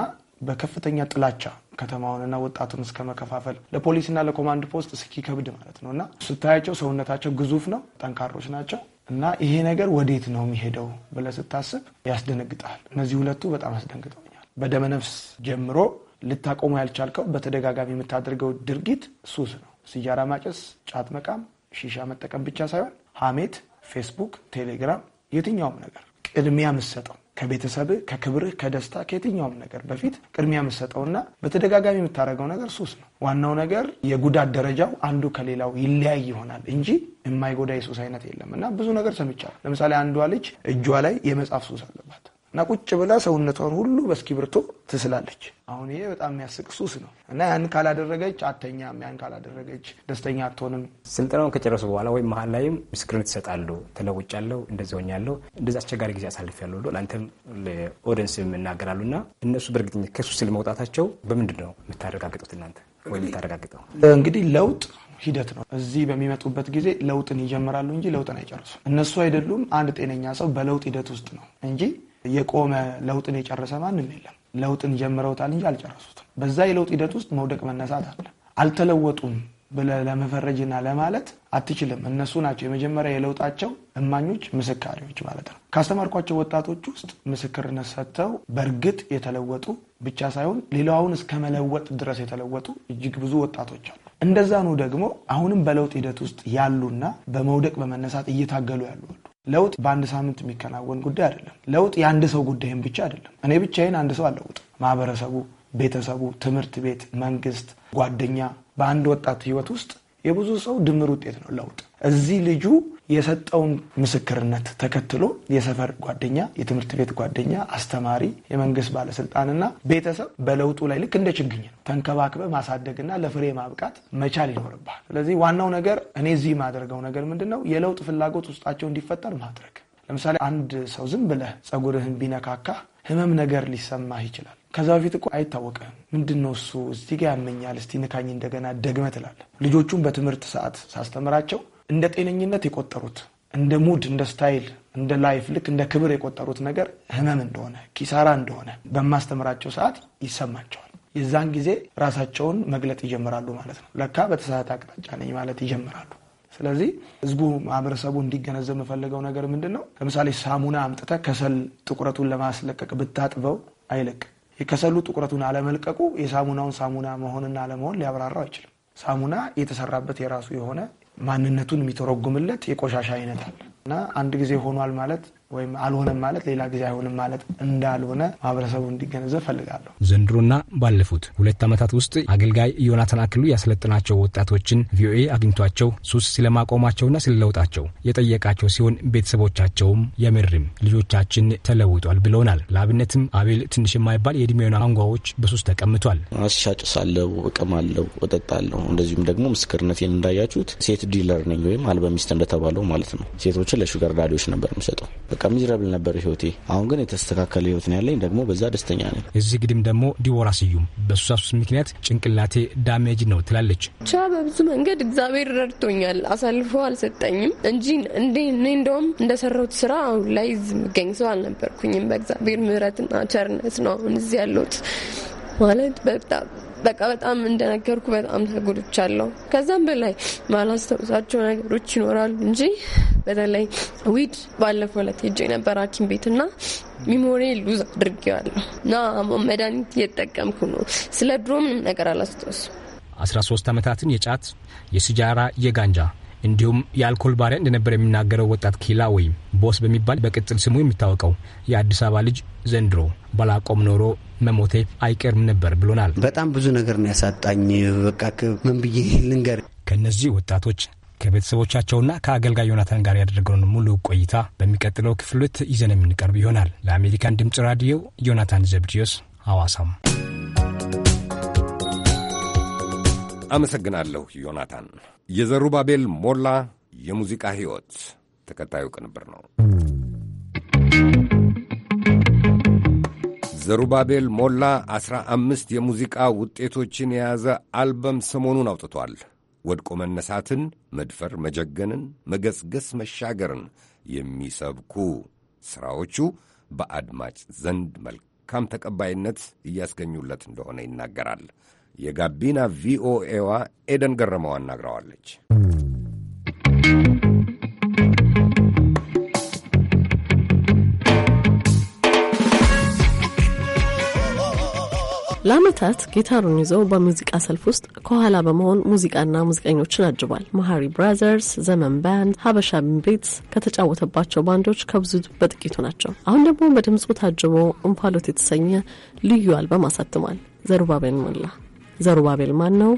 በከፍተኛ ጥላቻ ከተማውንና ወጣቱን እስከ መከፋፈል ለፖሊስና ለኮማንድ ፖስት እስኪከብድ ማለት ነው። እና ስታያቸው ሰውነታቸው ግዙፍ ነው፣ ጠንካሮች ናቸው። እና ይሄ ነገር ወዴት ነው የሚሄደው ብለህ ስታስብ ያስደነግጣል። እነዚህ ሁለቱ በጣም አስደንግጠውኛል። በደመነፍስ ጀምሮ ልታቆሙ ያልቻልከው በተደጋጋሚ የምታደርገው ድርጊት ሱስ ነው። ሲጃራ ማጨስ፣ ጫት መቃም፣ ሺሻ መጠቀም ብቻ ሳይሆን ሐሜት፣ ፌስቡክ፣ ቴሌግራም፣ የትኛውም ነገር ቅድሚያ የምትሰጠው ከቤተሰብህ፣ ከክብርህ፣ ከደስታ፣ ከየትኛውም ነገር በፊት ቅድሚያ የምትሰጠውና በተደጋጋሚ የምታደርገው ነገር ሱስ ነው። ዋናው ነገር የጉዳት ደረጃው አንዱ ከሌላው ይለያይ ይሆናል እንጂ የማይጎዳ የሱስ አይነት የለም እና ብዙ ነገር ሰምቻለሁ። ለምሳሌ አንዷ ልጅ እጇ ላይ የመጽሐፍ ሱስ አለባት። እና ቁጭ ብላ ሰውነቷን ሁሉ በእስክሪብቶ ትስላለች። አሁን ይሄ በጣም የሚያስቅ ሱስ ነው እና ያን ካላደረገች አተኛም፣ ያን ካላደረገች ደስተኛ አትሆንም። ስልጠናውን ከጨረሱ በኋላ ወይም መሀል ላይም ምስክርነት ይሰጣሉ። ተለውጫለሁ፣ እንደዚ ሆኛለሁ፣ እንደዚ አስቸጋሪ ጊዜ ያለ ብሎ ለአንተም ለኦደንስ የምናገራሉ እና እነሱ በእርግጠኛ ከሱስ ለመውጣታቸው በምንድን ነው የምታረጋግጡት እናንተ ወይም የምታረጋግጠው? እንግዲህ ለውጥ ሂደት ነው። እዚህ በሚመጡበት ጊዜ ለውጥን ይጀምራሉ እንጂ ለውጥን አይጨርሱም። እነሱ አይደሉም። አንድ ጤነኛ ሰው በለውጥ ሂደት ውስጥ ነው እንጂ የቆመ ለውጥን የጨረሰ ማንም የለም። ለውጥን ጀምረውታል እንጂ አልጨረሱትም። በዛ የለውጥ ሂደት ውስጥ መውደቅ መነሳት አለ። አልተለወጡም ብለህ ለመፈረጅና ለማለት አትችልም። እነሱ ናቸው የመጀመሪያ የለውጣቸው እማኞች፣ ምስካሪዎች ማለት ነው። ካስተማርኳቸው ወጣቶች ውስጥ ምስክርነት ሰጥተው በእርግጥ የተለወጡ ብቻ ሳይሆን ሌላውን እስከ መለወጥ ድረስ የተለወጡ እጅግ ብዙ ወጣቶች አሉ። እንደዛኑ ደግሞ አሁንም በለውጥ ሂደት ውስጥ ያሉና በመውደቅ በመነሳት እየታገሉ ያሉ ለውጥ በአንድ ሳምንት የሚከናወን ጉዳይ አይደለም። ለውጥ የአንድ ሰው ጉዳይም ብቻ አይደለም። እኔ ብቻዬን አንድ ሰው አለውጥ፣ ማህበረሰቡ፣ ቤተሰቡ፣ ትምህርት ቤት፣ መንግስት፣ ጓደኛ በአንድ ወጣት ህይወት ውስጥ የብዙ ሰው ድምር ውጤት ነው ለውጥ። እዚህ ልጁ የሰጠውን ምስክርነት ተከትሎ የሰፈር ጓደኛ፣ የትምህርት ቤት ጓደኛ፣ አስተማሪ፣ የመንግስት ባለስልጣንና ቤተሰብ በለውጡ ላይ ልክ እንደ ችግኝ ነው ተንከባክበ ማሳደግና ለፍሬ ማብቃት መቻል ይኖርብሃል። ስለዚህ ዋናው ነገር እኔ እዚህ የማደርገው ነገር ምንድን ነው? የለውጥ ፍላጎት ውስጣቸው እንዲፈጠር ማድረግ። ለምሳሌ አንድ ሰው ዝም ብለህ ጸጉርህን ቢነካካ ህመም ነገር ሊሰማህ ይችላል። ከዛ በፊት እኮ አይታወቅህም። ምንድን ነው እሱ እዚህ ያመኛል፣ እስቲ ንካኝ እንደገና ደግመ ትላለህ። ልጆቹን በትምህርት ሰዓት ሳስተምራቸው እንደ ጤነኝነት የቆጠሩት እንደ ሙድ፣ እንደ ስታይል፣ እንደ ላይፍ ልክ እንደ ክብር የቆጠሩት ነገር ህመም እንደሆነ ኪሳራ እንደሆነ በማስተምራቸው ሰዓት ይሰማቸዋል። የዛን ጊዜ ራሳቸውን መግለጥ ይጀምራሉ ማለት ነው። ለካ በተሳሳተ አቅጣጫ ነኝ ማለት ይጀምራሉ። ስለዚህ ህዝቡ፣ ማህበረሰቡ እንዲገነዘብ የምፈልገው ነገር ምንድን ነው? ለምሳሌ ሳሙና አምጥተ ከሰል ጥቁረቱን ለማስለቀቅ ብታጥበው አይለቅ። የከሰሉ ጥቁረቱን አለመልቀቁ የሳሙናውን ሳሙና መሆንና አለመሆን ሊያብራራው አይችልም። ሳሙና የተሰራበት የራሱ የሆነ ማንነቱን የሚተረጉምለት የቆሻሻ አይነት አለ እና አንድ ጊዜ ሆኗል ማለት ወይም አልሆነም ማለት ሌላ ጊዜ አይሆንም ማለት እንዳልሆነ ማህበረሰቡ እንዲገነዘብ ፈልጋለሁ። ዘንድሮና ባለፉት ሁለት ዓመታት ውስጥ አገልጋይ ዮናታን አክሉ ያሰለጥናቸው ወጣቶችን ቪኦኤ አግኝቷቸው ሱስ ስለማቆማቸውና ስለለውጣቸው የጠየቃቸው ሲሆን ቤተሰቦቻቸውም የምርም ልጆቻችን ተለውጧል ብለውናል። ለአብነትም አቤል ትንሽ የማይባል የእድሜውን አንጓዎች በሱስ ተቀምቷል። አስሻጭ ሳለው እቅማለው፣ እጠጣለሁ። እንደዚሁም ደግሞ ምስክርነቴን እንዳያችሁት ሴት ዲለር ነኝ ወይም አልበሚስት እንደተባለው ማለት ነው። ሴቶችን ለሹገር ዳዲዎች ነበር የሚሰጠው በቃ ሚዝራብል ነበር ህይወቴ። አሁን ግን የተስተካከለ ህይወት ነው ያለኝ፣ ደግሞ በዛ ደስተኛ ነኝ። እዚህ ግድም ደግሞ ዲቦራ ስዩም በሱሳሱስ ምክንያት ጭንቅላቴ ዳሜጅ ነው ትላለች። ብቻ በብዙ መንገድ እግዚአብሔር ረድቶኛል፣ አሳልፎ አልሰጠኝም እንጂ እንዴ እኔ እንደውም እንደሰራሁት ስራ አሁን ላይ ዝምገኝ ሰው አልነበርኩኝም። በእግዚአብሔር ምሕረትና ቸርነት ነው አሁን እዚህ ያለሁት ማለት በጣም በቃ በጣም እንደነገርኩ በጣም ተጎድቻለሁ። ከዛም በላይ ማላስታውሳቸው ነገሮች ይኖራሉ እንጂ በተለይ ዊድ ባለፈው ዕለት ሄጄ ነበር ሐኪም ቤት እና ሚሞሪ ሉዝ አድርጌዋለሁ እና መድኃኒት እየጠቀምኩ ነው። ስለ ድሮ ምንም ነገር አላስታውስም። 13 ዓመታትን የጫት የስጃራ የጋንጃ እንዲሁም የአልኮል ባሪያ እንደነበር የሚናገረው ወጣት ኪላ ወይም ቦስ በሚባል በቅጥል ስሙ የሚታወቀው የአዲስ አበባ ልጅ ዘንድሮ ባላቆም ኖሮ መሞቴ አይቀርም ነበር ብሎናል። በጣም ብዙ ነገር ነው ያሳጣኝ። በቃ ምን ብዬ ልንገር። ከእነዚህ ወጣቶች ከቤተሰቦቻቸውና ከአገልጋይ ዮናታን ጋር ያደረገውን ሙሉ ቆይታ በሚቀጥለው ክፍሎት ይዘን የምንቀርብ ይሆናል። ለአሜሪካን ድምፅ ራዲዮ ዮናታን ዘብድዮስ አዋሳም አመሰግናለሁ ዮናታን። የዘሩባቤል ሞላ የሙዚቃ ሕይወት ተከታዩ ቅንብር ነው። ዘሩባቤል ሞላ አስራ አምስት የሙዚቃ ውጤቶችን የያዘ አልበም ሰሞኑን አውጥቷል። ወድቆ መነሳትን፣ መድፈር፣ መጀገንን፣ መገስገስ፣ መሻገርን የሚሰብኩ ሥራዎቹ በአድማጭ ዘንድ መልካም ተቀባይነት እያስገኙለት እንደሆነ ይናገራል። የጋቢና ቪኦኤዋ ኤደን ገረመው አናግረዋለች። ለአመታት ጊታሩን ይዘው በሙዚቃ ሰልፍ ውስጥ ከኋላ በመሆን ሙዚቃና ሙዚቀኞችን አጅቧል። መሃሪ ብራዘርስ፣ ዘመን ባንድ፣ ሀበሻ ቤትስ ከተጫወተባቸው ባንዶች ከብዙ በጥቂቱ ናቸው። አሁን ደግሞ በድምፁ ታጅቦ እንፋሎት የተሰኘ ልዩ አልበም አሳትሟል። ዘሩባቤል ሞላ። ዘሩባቤል ማን ነው?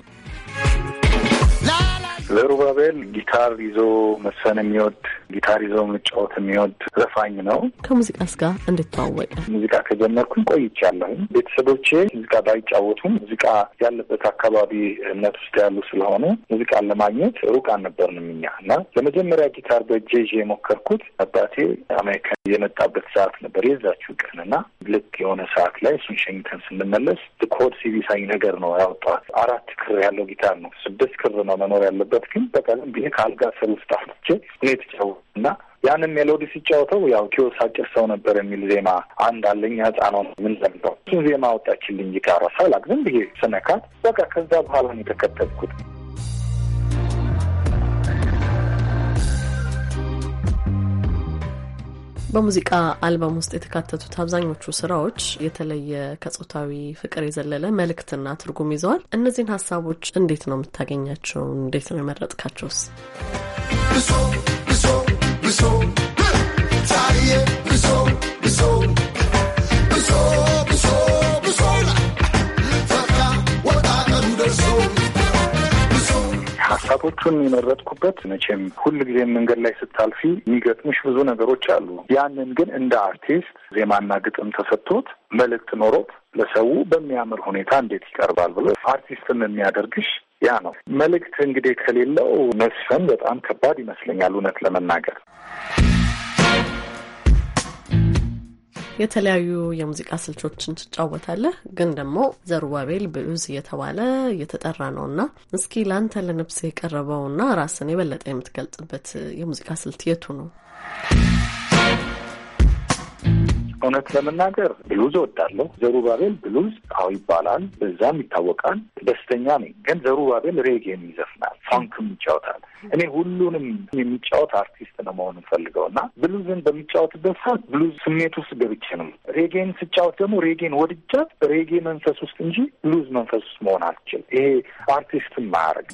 ዘሩባቤል ጊታር ይዞ መሰን የሚወድ ጊታር ይዞ መጫወት የሚወድ ዘፋኝ ነው። ከሙዚቃስ ጋር እንድተዋወቀ ሙዚቃ ከጀመርኩኝ ቆይቻለሁ። ቤተሰቦቼ ሙዚቃ ባይጫወቱም ሙዚቃ ያለበት አካባቢ እምነት ውስጥ ያሉ ስለሆነ ሙዚቃን ለማግኘት ሩቅ አልነበርንም እኛ እና ለመጀመሪያ ጊታር በእጄ ይዤ የሞከርኩት አባቴ አሜሪካ የመጣበት ሰዓት ነበር የዛችው ቀን እና ልክ የሆነ ሰዓት ላይ እሱን ሸኝተን ስንመለስ ኮድ ሲቪሳኝ ነገር ነው ያወጣት አራት ክር ያለው ጊታር ነው። ስድስት ክር ነው መኖር ያለበት ስጫወት ግን በቀለም ብዬ ከአልጋ ስር ውስጥ አፍቼ እኔ እና ያንን ሜሎዲ ሲጫወተው ያው ኪዮስ አጭር ሰው ነበር የሚል ዜማ አንድ አለኝ። ህጻኖ ምን ዘምተው እሱን ዜማ ወጣችልኝ። ይቃረሳል ሳላቅ ዝም ብዬ ስነካት በቃ ከዛ በኋላ ነው የተከተልኩት። በሙዚቃ አልበም ውስጥ የተካተቱት አብዛኞቹ ስራዎች የተለየ ከጾታዊ ፍቅር የዘለለ መልእክትና ትርጉም ይዘዋል። እነዚህን ሀሳቦች እንዴት ነው የምታገኛቸው? እንዴት ነው የመረጥካቸውስ? ብሶ ብሶ ሀሳቦቹን የመረጥኩበት መቼም ሁል ጊዜ መንገድ ላይ ስታልፊ የሚገጥምሽ ብዙ ነገሮች አሉ። ያንን ግን እንደ አርቲስት ዜማና ግጥም ተሰጥቶት መልእክት ኖሮት ለሰው በሚያምር ሁኔታ እንዴት ይቀርባል ብሎ አርቲስትን የሚያደርግሽ ያ ነው። መልእክት እንግዲህ ከሌለው መስፈን በጣም ከባድ ይመስለኛል እውነት ለመናገር የተለያዩ የሙዚቃ ስልቾችን ትጫወታለህ፣ ግን ደግሞ ዘሩባቤል ብሉዝ እየተባለ እየተጠራ ነው እና እስኪ ለአንተ የቀረበው እና ራስን የበለጠ የምትገልጽበት የሙዚቃ ስልት የቱ ነው? እውነት ለመናገር ብሉዝ እወዳለሁ። ዘሩባቤል ብሉዝ አዎ ይባላል፣ በዛም ይታወቃል። ደስተኛ ነኝ። ግን ዘሩባቤል ሬጌም ይዘፍናል፣ ፋንክም ይጫወታል። እኔ ሁሉንም የሚጫወት አርቲስት ነው መሆን እንፈልገው እና ብሉዝን በሚጫወትበት ሰዓት ብሉዝ ስሜት ውስጥ ገብቼ ነው። ሬጌን ስጫወት ደግሞ ሬጌን ወድጃት ሬጌ መንፈስ ውስጥ እንጂ ብሉዝ መንፈስ ውስጥ መሆን አልችል። ይሄ አርቲስትም አያደርግ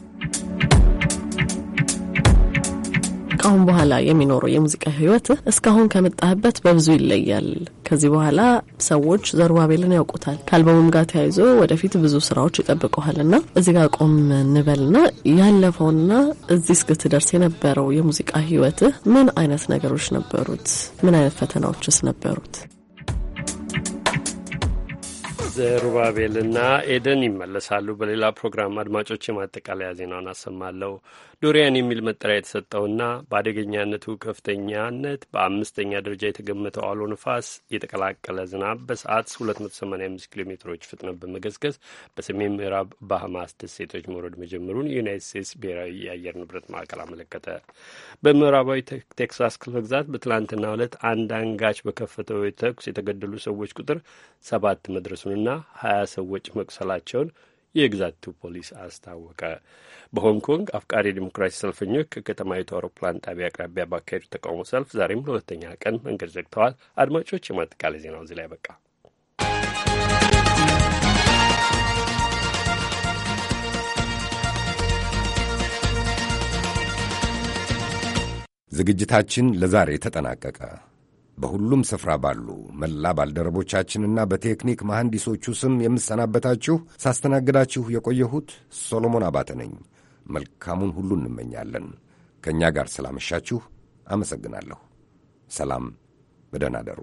ከአሁን በኋላ የሚኖረው የሙዚቃ ህይወት እስካሁን ከመጣህበት በብዙ ይለያል። ከዚህ በኋላ ሰዎች ዘሩባቤልን ያውቁታል። ከአልበሙም ጋር ተያይዞ ወደፊት ብዙ ስራዎች ይጠብቀዋል ና እዚህ ጋር ቆም እንበልና ያለፈውና እዚህ እስክትደርስ የነበረው የሙዚቃ ህይወትህ ምን አይነት ነገሮች ነበሩት? ምን አይነት ፈተናዎችስ ነበሩት? ዘሩባቤልና ኤደን ይመለሳሉ። በሌላ ፕሮግራም አድማጮች የማጠቃለያ ዜናውን አሰማለሁ። ዶሪያን የሚል መጠሪያ የተሰጠውና በአደገኛነቱ ከፍተኛነት በአምስተኛ ደረጃ የተገመተው አውሎ ንፋስ የተቀላቀለ ዝናብ በሰዓት 285 ኪሎ ሜትሮች ፍጥነት በመገዝገዝ በሰሜን ምዕራብ ባህማስ ደሴቶች መውረድ መጀመሩን የዩናይት ስቴትስ ብሔራዊ የአየር ንብረት ማዕከል አመለከተ። በምዕራባዊ ቴክሳስ ክፍለ ግዛት በትላንትና ዕለት አንድ አንጋች በከፈተው ተኩስ የተገደሉ ሰዎች ቁጥር ሰባት መድረሱን መገደሉንና ሀያ ሰዎች መቁሰላቸውን የግዛቱ ፖሊስ አስታወቀ። በሆንግ ኮንግ አፍቃሪ ዲሞክራሲ ሰልፈኞች ከከተማዊቱ አውሮፕላን ጣቢያ አቅራቢያ ባካሄዱ ተቃውሞ ሰልፍ ዛሬም ለሁለተኛ ቀን መንገድ ዘግተዋል። አድማጮች፣ የማጠቃለያ ዜናው እዚህ ላይ በቃ። ዝግጅታችን ለዛሬ ተጠናቀቀ። በሁሉም ስፍራ ባሉ መላ ባልደረቦቻችንና በቴክኒክ መሐንዲሶቹ ስም የምሰናበታችሁ ሳስተናግዳችሁ የቆየሁት ሶሎሞን አባተ ነኝ። መልካሙን ሁሉ እንመኛለን። ከእኛ ጋር ስላመሻችሁ አመሰግናለሁ። ሰላም፣ በደህና አደሩ።